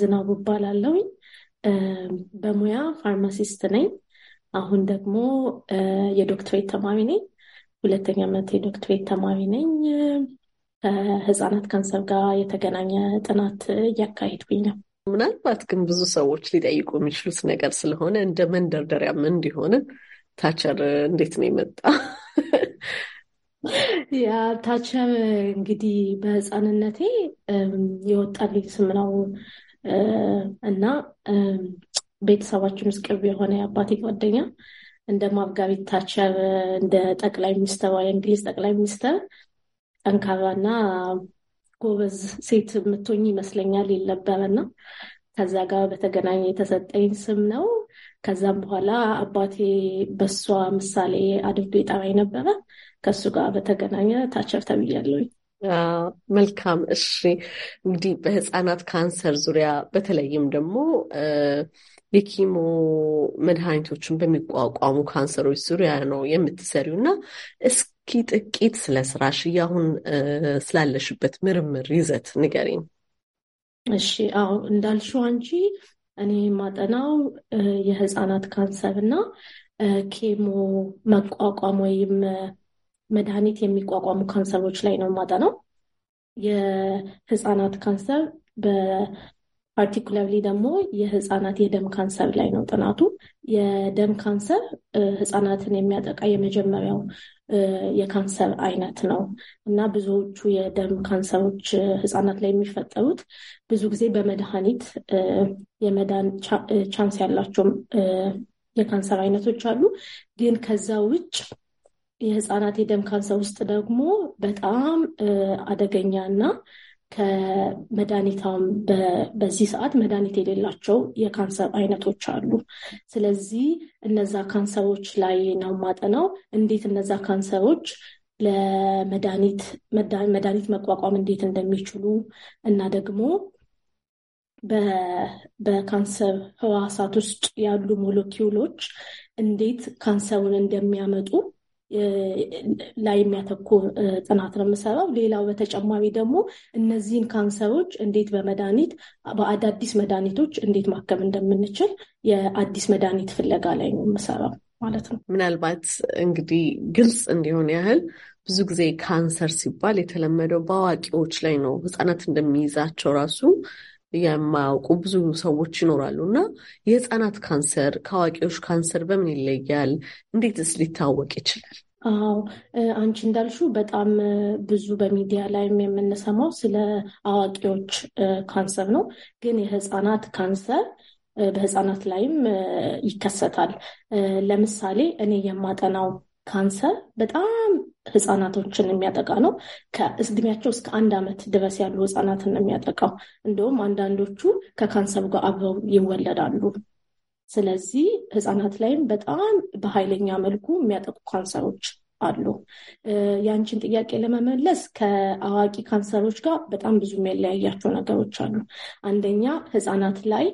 ዝናቡ እባላለሁኝ። በሙያ ፋርማሲስት ነኝ። አሁን ደግሞ የዶክትሬት ተማሪ ነኝ። ሁለተኛ ዓመት የዶክትሬት ተማሪ ነኝ። ከህፃናት ካንሰር ጋር የተገናኘ ጥናት እያካሄድኩኝ ነው። ምናልባት ግን ብዙ ሰዎች ሊጠይቁ የሚችሉት ነገር ስለሆነ እንደ መንደርደሪያም እንዲሆንን ታቸር እንዴት ነው የመጣ? ያ ታቸር እንግዲህ በህፃንነቴ የወጣልኝ ስም ነው እና ቤተሰባችን ውስጥ ቅርብ የሆነ የአባቴ ጓደኛ እንደ ማርጋሪት ታቸር እንደ ጠቅላይ ሚኒስትር የእንግሊዝ ጠቅላይ ሚኒስትር ጠንካራና ጎበዝ ሴት የምትሆኝ ይመስለኛል ይል ና ከዛ ጋር በተገናኘ የተሰጠኝ ስም ነው። ከዛም በኋላ አባቴ በሷ ምሳሌ አድርጎ የጠራኝ ነበረ። ከእሱ ጋር በተገናኘ ታቸር ተብያለሁኝ። መልካም። እሺ እንግዲህ በህፃናት ካንሰር ዙሪያ በተለይም ደግሞ የኪሞ መድኃኒቶችን በሚቋቋሙ ካንሰሮች ዙሪያ ነው የምትሰሪው እና እስኪ ጥቂት ስለ ስራሽ እያሁን ስላለሽበት ምርምር ይዘት ንገሪኝ። እሺ አዎ እንዳልሽው አንቺ እኔ የማጠናው የህፃናት ካንሰር እና ኬሞ መቋቋም ወይም መድኃኒት የሚቋቋሙ ካንሰሮች ላይ ነው የማጠናው። የህፃናት ካንሰር ፓርቲኩላርሊ ደግሞ የህፃናት የደም ካንሰር ላይ ነው ጥናቱ። የደም ካንሰር ህፃናትን የሚያጠቃ የመጀመሪያው የካንሰር አይነት ነው እና ብዙዎቹ የደም ካንሰሮች ህፃናት ላይ የሚፈጠሩት ብዙ ጊዜ በመድኃኒት የመዳን ቻንስ ያላቸው የካንሰር አይነቶች አሉ። ግን ከዛ ውጭ የህፃናት የደም ካንሰር ውስጥ ደግሞ በጣም አደገኛ እና ከመድኃኒታም በዚህ ሰዓት መድኃኒት የሌላቸው የካንሰር አይነቶች አሉ። ስለዚህ እነዛ ካንሰሮች ላይ ነው ማጠናው እንዴት እነዛ ካንሰሮች ለመድኃኒት መድኃኒት መቋቋም እንዴት እንደሚችሉ እና ደግሞ በካንሰር ህዋሳት ውስጥ ያሉ ሞለኪውሎች እንዴት ካንሰሩን እንደሚያመጡ ላይ የሚያተኩር ጥናት ነው የምሰራው። ሌላው በተጨማሪ ደግሞ እነዚህን ካንሰሮች እንዴት በመድኃኒት በአዳዲስ መድኃኒቶች እንዴት ማከም እንደምንችል የአዲስ መድኃኒት ፍለጋ ላይ ነው የምሰራው ማለት ነው። ምናልባት እንግዲህ ግልጽ እንዲሆን ያህል ብዙ ጊዜ ካንሰር ሲባል የተለመደው በአዋቂዎች ላይ ነው። ህፃናት እንደሚይዛቸው ራሱ የማያውቁ ብዙ ሰዎች ይኖራሉ እና የህፃናት ካንሰር ከአዋቂዎች ካንሰር በምን ይለያል? እንዴትስ ሊታወቅ ይችላል? አዎ አንቺ እንዳልሹ በጣም ብዙ በሚዲያ ላይም የምንሰማው ስለ አዋቂዎች ካንሰር ነው። ግን የህፃናት ካንሰር በህፃናት ላይም ይከሰታል። ለምሳሌ እኔ የማጠናው ካንሰር በጣም ህጻናቶችን የሚያጠቃ ነው። ከእድሜያቸው እስከ አንድ ዓመት ድረስ ያሉ ህጻናትን የሚያጠቃው እንደውም አንዳንዶቹ ከካንሰሩ ጋር አብረው ይወለዳሉ። ስለዚህ ህጻናት ላይም በጣም በኃይለኛ መልኩ የሚያጠቁ ካንሰሮች አሉ። ያንቺን ጥያቄ ለመመለስ ከአዋቂ ካንሰሮች ጋር በጣም ብዙ የሚለያያቸው ነገሮች አሉ። አንደኛ ህጻናት ላይ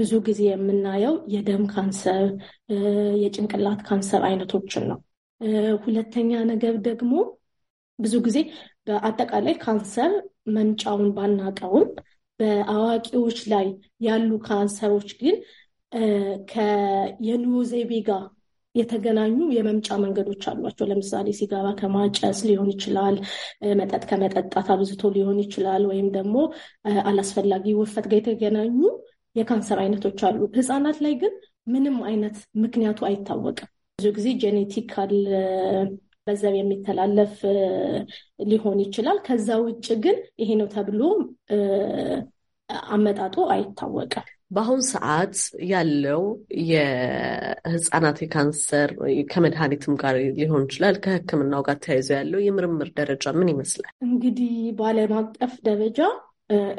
ብዙ ጊዜ የምናየው የደም ካንሰር፣ የጭንቅላት ካንሰር አይነቶችን ነው። ሁለተኛ ነገር ደግሞ ብዙ ጊዜ በአጠቃላይ ካንሰር መምጫውን ባናቀውም በአዋቂዎች ላይ ያሉ ካንሰሮች ግን የኑሮ ዘይቤ ጋር የተገናኙ የመምጫ መንገዶች አሏቸው። ለምሳሌ ሲጋራ ከማጨስ ሊሆን ይችላል፣ መጠጥ ከመጠጣት አብዝቶ ሊሆን ይችላል፣ ወይም ደግሞ አላስፈላጊ ውፈት ጋር የተገናኙ የካንሰር አይነቶች አሉ። ህፃናት ላይ ግን ምንም አይነት ምክንያቱ አይታወቅም። ብዙ ጊዜ ጄኔቲካል በዛብ የሚተላለፍ ሊሆን ይችላል። ከዛ ውጭ ግን ይሄ ነው ተብሎ አመጣጡ አይታወቅም። በአሁን ሰዓት ያለው የህፃናት የካንሰር ከመድኃኒትም ጋር ሊሆን ይችላል ከህክምናው ጋር ተያይዞ ያለው የምርምር ደረጃ ምን ይመስላል? እንግዲህ በዓለም አቀፍ ደረጃ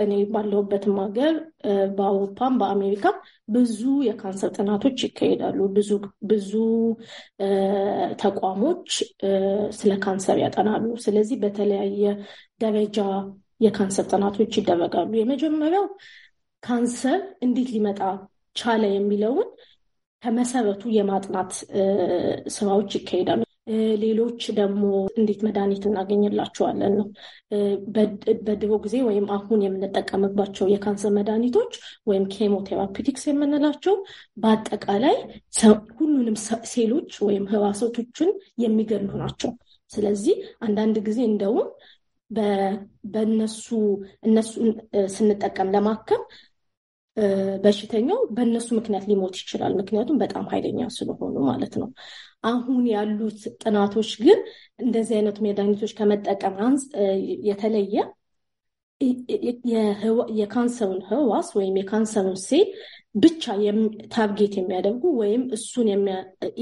እኔ ባለሁበትም ሀገር በአውሮፓም በአሜሪካ ብዙ የካንሰር ጥናቶች ይካሄዳሉ። ብዙ ተቋሞች ስለ ካንሰር ያጠናሉ። ስለዚህ በተለያየ ደረጃ የካንሰር ጥናቶች ይደረጋሉ። የመጀመሪያው ካንሰር እንዴት ሊመጣ ቻለ የሚለውን ከመሰረቱ የማጥናት ስራዎች ይካሄዳሉ። ሌሎች ደግሞ እንዴት መድኃኒት እናገኝላቸዋለን ነው። በድሮ ጊዜ ወይም አሁን የምንጠቀምባቸው የካንሰር መድኃኒቶች ወይም ኬሞቴራፒቲክስ የምንላቸው በአጠቃላይ ሁሉንም ሴሎች ወይም ህዋሶቶችን የሚገሉ ናቸው። ስለዚህ አንዳንድ ጊዜ እንደውም በእነሱ እነሱ ስንጠቀም ለማከም በሽተኛው በእነሱ ምክንያት ሊሞት ይችላል። ምክንያቱም በጣም ኃይለኛ ስለሆኑ ማለት ነው። አሁን ያሉት ጥናቶች ግን እንደዚህ አይነት መድኃኒቶች ከመጠቀም የተለየ የካንሰሩን ህዋስ ወይም የካንሰሩን ሴል ብቻ ታርጌት የሚያደርጉ ወይም እሱን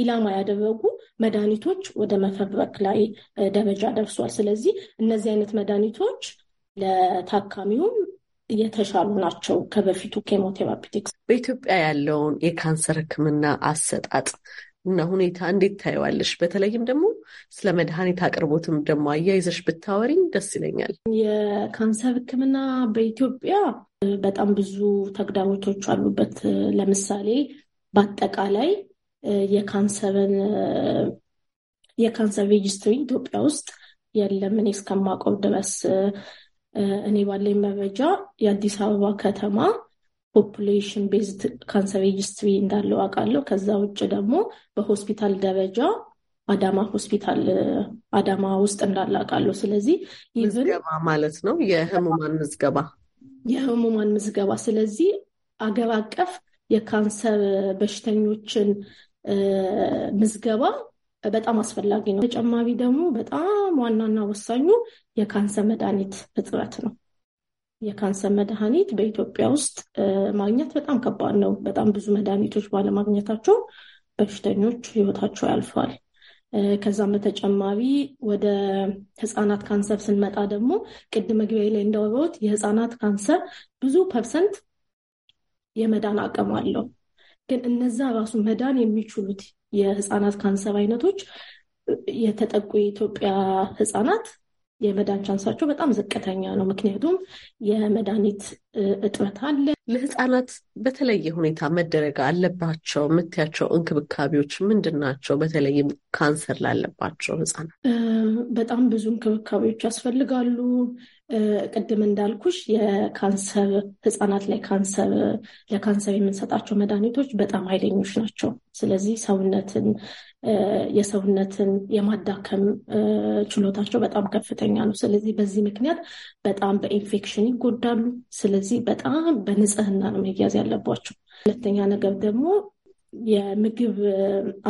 ኢላማ ያደረጉ መድኃኒቶች ወደ መፈብረክ ላይ ደረጃ ደርሷል። ስለዚህ እነዚህ አይነት መድኃኒቶች ለታካሚውም የተሻሉ ናቸው ከበፊቱ ኬሞቴራፒቲክስ። በኢትዮጵያ ያለውን የካንሰር ሕክምና አሰጣጥ እና ሁኔታ እንዴት ታየዋለሽ? በተለይም ደግሞ ስለ መድኃኒት አቅርቦትም ደግሞ አያይዘሽ ብታወሪ ደስ ይለኛል። የካንሰር ሕክምና በኢትዮጵያ በጣም ብዙ ተግዳሮቶች አሉበት። ለምሳሌ በአጠቃላይ የካንሰርን የካንሰር ሬጅስትሪ ኢትዮጵያ ውስጥ የለም። እኔ እስከማውቀው ድረስ እኔ ባለኝ መረጃ የአዲስ አበባ ከተማ ፖፑሌሽን ቤዝድ ካንሰር ሬጅስትሪ እንዳለው አውቃለሁ። ከዛ ውጭ ደግሞ በሆስፒታል ደረጃ አዳማ ሆስፒታል አዳማ ውስጥ እንዳለ አውቃለሁ። ስለዚህ ምዝገባ ማለት ነው የህሙማን ምዝገባ የህሙማን ምዝገባ። ስለዚህ አገር አቀፍ የካንሰር በሽተኞችን ምዝገባ በጣም አስፈላጊ ነው። ተጨማሪ ደግሞ በጣም ዋናና ወሳኙ የካንሰር መድኃኒት እጥረት ነው። የካንሰር መድኃኒት በኢትዮጵያ ውስጥ ማግኘት በጣም ከባድ ነው። በጣም ብዙ መድኃኒቶች ባለማግኘታቸው በሽተኞች ህይወታቸው ያልፏል። ከዛም በተጨማሪ ወደ ህፃናት ካንሰር ስንመጣ ደግሞ ቅድም መግቢያ ላይ እንዳወራሁት የህፃናት ካንሰር ብዙ ፐርሰንት የመዳን አቅም አለው። ግን እነዛ ራሱ መዳን የሚችሉት የህፃናት ካንሰር አይነቶች የተጠቁ የኢትዮጵያ ህፃናት የመዳን ቻንሳቸው በጣም ዝቅተኛ ነው። ምክንያቱም የመድኃኒት እጥረት አለ። ለህፃናት በተለየ ሁኔታ መደረግ አለባቸው የምትያቸው እንክብካቤዎች ምንድን ናቸው? በተለይም ካንሰር ላለባቸው ህፃናት በጣም ብዙ እንክብካቤዎች ያስፈልጋሉ። ቅድም እንዳልኩሽ የካንሰር ህጻናት ላይ ካንሰር ለካንሰር የምንሰጣቸው መድኃኒቶች በጣም ኃይለኞች ናቸው። ስለዚህ ሰውነትን የሰውነትን የማዳከም ችሎታቸው በጣም ከፍተኛ ነው። ስለዚህ በዚህ ምክንያት በጣም በኢንፌክሽን ይጎዳሉ። ስለዚህ በጣም በንጽህና ነው መያዝ ያለባቸው። ሁለተኛ ነገር ደግሞ የምግብ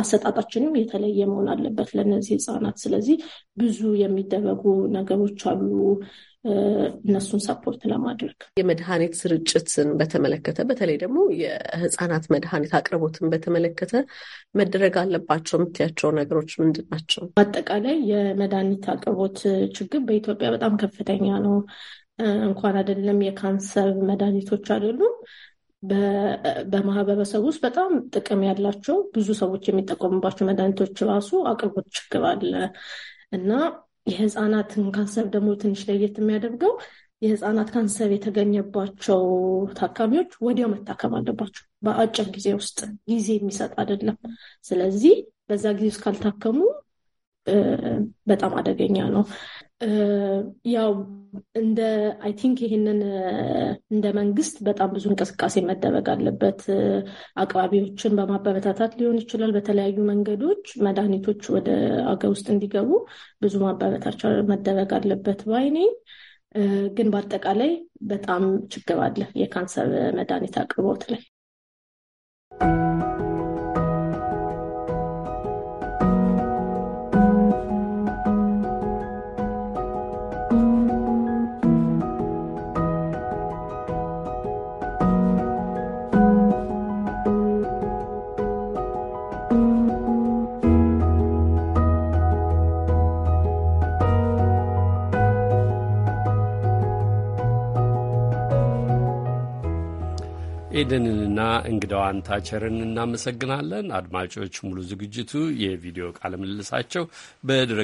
አሰጣጣችንም የተለየ መሆን አለበት ለእነዚህ ህጻናት። ስለዚህ ብዙ የሚደረጉ ነገሮች አሉ። እነሱን ሰፖርት ለማድረግ የመድኃኒት ስርጭትን በተመለከተ በተለይ ደግሞ የህፃናት መድኃኒት አቅርቦትን በተመለከተ መደረግ አለባቸው የምትያቸው ነገሮች ምንድን ናቸው? አጠቃላይ የመድኃኒት አቅርቦት ችግር በኢትዮጵያ በጣም ከፍተኛ ነው። እንኳን አይደለም የካንሰር መድኃኒቶች አይደሉም በማህበረሰብ ውስጥ በጣም ጥቅም ያላቸው ብዙ ሰዎች የሚጠቀሙባቸው መድኃኒቶች ራሱ አቅርቦት ችግር አለ እና የህፃናትን ካንሰር ደግሞ ትንሽ ለየት የሚያደርገው የህፃናት ካንሰር የተገኘባቸው ታካሚዎች ወዲያው መታከም አለባቸው። በአጭር ጊዜ ውስጥ ጊዜ የሚሰጥ አይደለም። ስለዚህ በዛ ጊዜ ውስጥ ካልታከሙ በጣም አደገኛ ነው። ያው እንደ አይ ቲንክ ይህንን እንደ መንግስት በጣም ብዙ እንቅስቃሴ መደረግ አለበት። አቅራቢዎችን በማበረታታት ሊሆን ይችላል። በተለያዩ መንገዶች መድኃኒቶች ወደ አገር ውስጥ እንዲገቡ ብዙ ማበረታቻ መደረግ አለበት ባይኔ። ግን በአጠቃላይ በጣም ችግር አለ የካንሰር መድኃኒት አቅርቦት ላይ። ኤደንንና እንግዳዋን ታቸርን እናመሰግናለን። አድማጮች ሙሉ ዝግጅቱ የቪዲዮ ቃለ ምልልሳቸው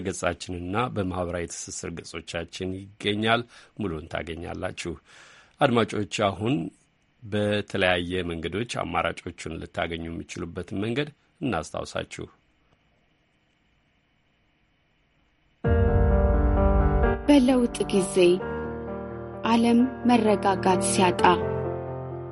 ገጻችንና በማኅበራዊ ትስስር ገጾቻችን ይገኛል። ሙሉን ታገኛላችሁ። አድማጮች አሁን በተለያየ መንገዶች አማራጮቹን ልታገኙ የሚችሉበትን መንገድ እናስታውሳችሁ። በለውጥ ጊዜ ዓለም መረጋጋት ሲያጣ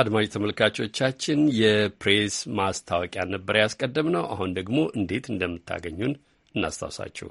አድማጭ ተመልካቾቻችን የፕሬስ ማስታወቂያ ነበር ያስቀደም ነው። አሁን ደግሞ እንዴት እንደምታገኙን እናስታውሳችሁ።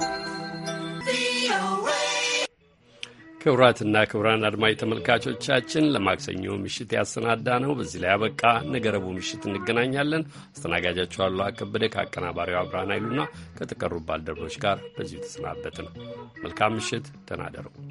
ክቡራትና ክቡራን አድማጭ ተመልካቾቻችን ለማክሰኞ ምሽት ያሰናዳ ነው በዚህ ላይ አበቃ። ነገ ረቡዕ ምሽት እንገናኛለን። አስተናጋጃችሁ አሉላ ከበደ ከአቀናባሪው አብርሃን ኃይሉና ከተቀሩ ባልደረቦች ጋር በዚሁ ነው። መልካም ምሽት፣ ደህና እደሩ።